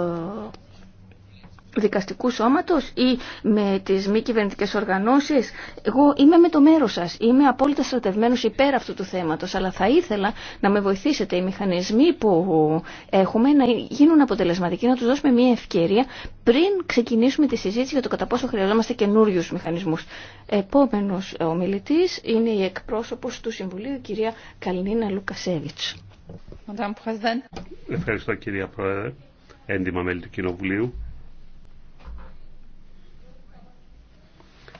δικαστικού σώματος ή με τις μη κυβερνητικέ οργανώσεις. Εγώ είμαι με το μέρο σας, είμαι απόλυτα στρατευμένος υπέρ αυτού του θέματος, αλλά θα ήθελα να με βοηθήσετε οι μηχανισμοί που έχουμε να γίνουν αποτελεσματικοί, να τους δώσουμε μια ευκαιρία πριν ξεκινήσουμε τη συζήτηση για το κατά πόσο χρειαζόμαστε καινούριου μηχανισμούς. Επόμενος ο μιλητής είναι η εκπρόσωπος του Συμβουλίου, η κυρία Καλνίνα Λουκασέβιτς. Ευχαριστώ κυρία Πρόεδρε, έντιμα μέλη του Κοινοβουλίου.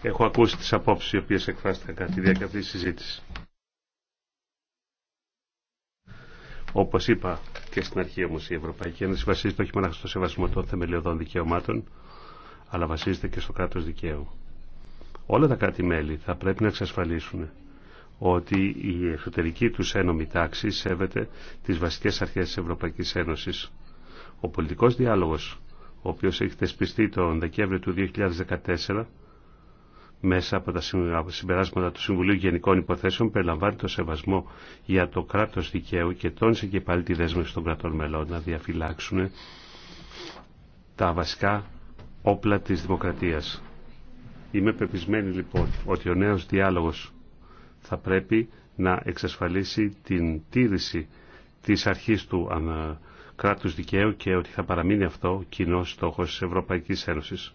Έχω ακούσει τις απόψεις οι οποίες εκφράστηκαν κατά τη διάρκεια αυτής της συζήτησης. Όπως είπα και στην αρχή όμως η Ευρωπαϊκή Ένωση βασίζεται όχι μόνο στο σεβασμό των θεμελιωδών δικαιωμάτων, αλλά βασίζεται και στο κράτος δικαίου. Όλα τα κράτη-μέλη θα πρέπει να εξασφαλίσουν ότι η εσωτερική του ένωμη τάξη σέβεται τις βασικές αρχές της Ευρωπαϊκής Ένωσης. Ο πολιτικός διάλογος, ο οποίος έχει θεσπιστεί τον Δεκέμβριο του 2014, μέσα από τα συμπεράσματα του Συμβουλίου Γενικών Υποθέσεων περιλαμβάνει το σεβασμό για το κράτος δικαίου και τόνισε και πάλι τη δέσμευση των κρατών μελών να διαφυλάξουν τα βασικά όπλα της δημοκρατίας. Είμαι πεπισμένη λοιπόν ότι ο νέος διάλογος θα πρέπει να εξασφαλίσει την τήρηση της αρχής του ε, κράτους δικαίου και ότι θα παραμείνει αυτό κοινό στόχος της Ευρωπαϊκής Ένωσης.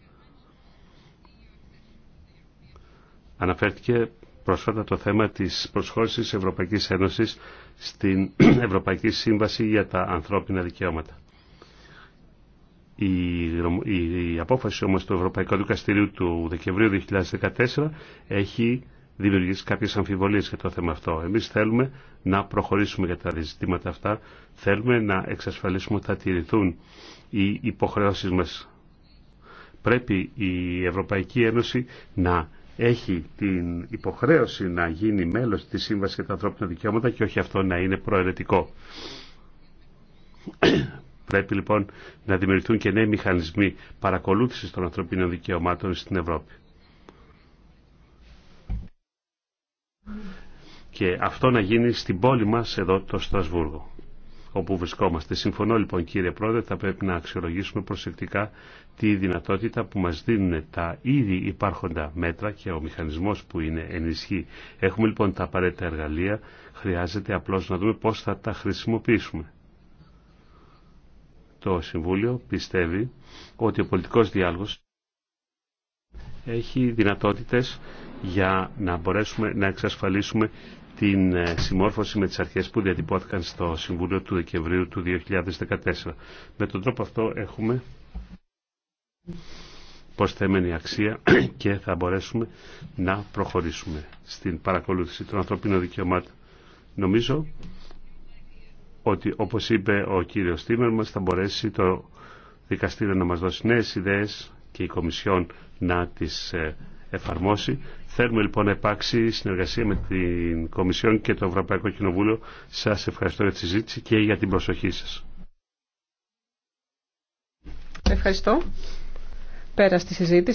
Αναφέρθηκε πρόσφατα το θέμα της προσχώρησης Ευρωπαϊκής Ένωσης στην [CLEARS THROAT] Ευρωπαϊκή Σύμβαση για τα Ανθρώπινα Δικαιώματα. Η, απόφαση όμως του Ευρωπαϊκού Δικαστηρίου του Δεκεμβρίου 2014 έχει δημιουργήσει κάποιες αμφιβολίες για το θέμα αυτό. Εμείς θέλουμε να προχωρήσουμε για τα ζητήματα αυτά. Θέλουμε να εξασφαλίσουμε ότι θα τηρηθούν οι υποχρεώσεις μας. Πρέπει η Ευρωπαϊκή Ένωση να έχει την υποχρέωση να γίνει μέλος της Σύμβασης για τα Ανθρώπινα Δικαιώματα και όχι αυτό να είναι προαιρετικό. [CLEARS THROAT] Πρέπει λοιπόν να δημιουργηθούν και νέοι μηχανισμοί παρακολούθησης των ανθρωπίνων δικαιωμάτων στην Ευρώπη. Και αυτό να γίνει στην πόλη μας εδώ το Στρασβούργο όπου βρισκόμαστε. Συμφωνώ λοιπόν κύριε Πρόεδρε, θα πρέπει να αξιολογήσουμε προσεκτικά τη δυνατότητα που μας δίνουν τα ήδη υπάρχοντα μέτρα και ο μηχανισμός που είναι ενισχύ. Έχουμε λοιπόν τα απαραίτητα εργαλεία, χρειάζεται απλώς να δούμε πώς θα τα χρησιμοποιήσουμε. Το Συμβούλιο πιστεύει ότι ο πολιτικός διάλογος έχει δυνατότητες για να μπορέσουμε να εξασφαλίσουμε την ε, συμμόρφωση με τις αρχές που διατυπώθηκαν στο Συμβούλιο του Δεκεμβρίου του 2014. Με τον τρόπο αυτό έχουμε η αξία [CLEARS THROAT] και θα μπορέσουμε να προχωρήσουμε στην παρακολούθηση των ανθρωπίνων δικαιωμάτων. Νομίζω ότι όπως είπε ο κύριος Τίμερ μας θα μπορέσει το δικαστήριο να μας δώσει νέες ιδέες και η Κομισιόν να τις ε, εφαρμόσει. Θέλουμε λοιπόν να υπάρξει συνεργασία με την Κομισιόν και το Ευρωπαϊκό Κοινοβούλιο. Σας ευχαριστώ για τη συζήτηση και για την προσοχή σας. Ευχαριστώ. Πέρα στη συζήτηση.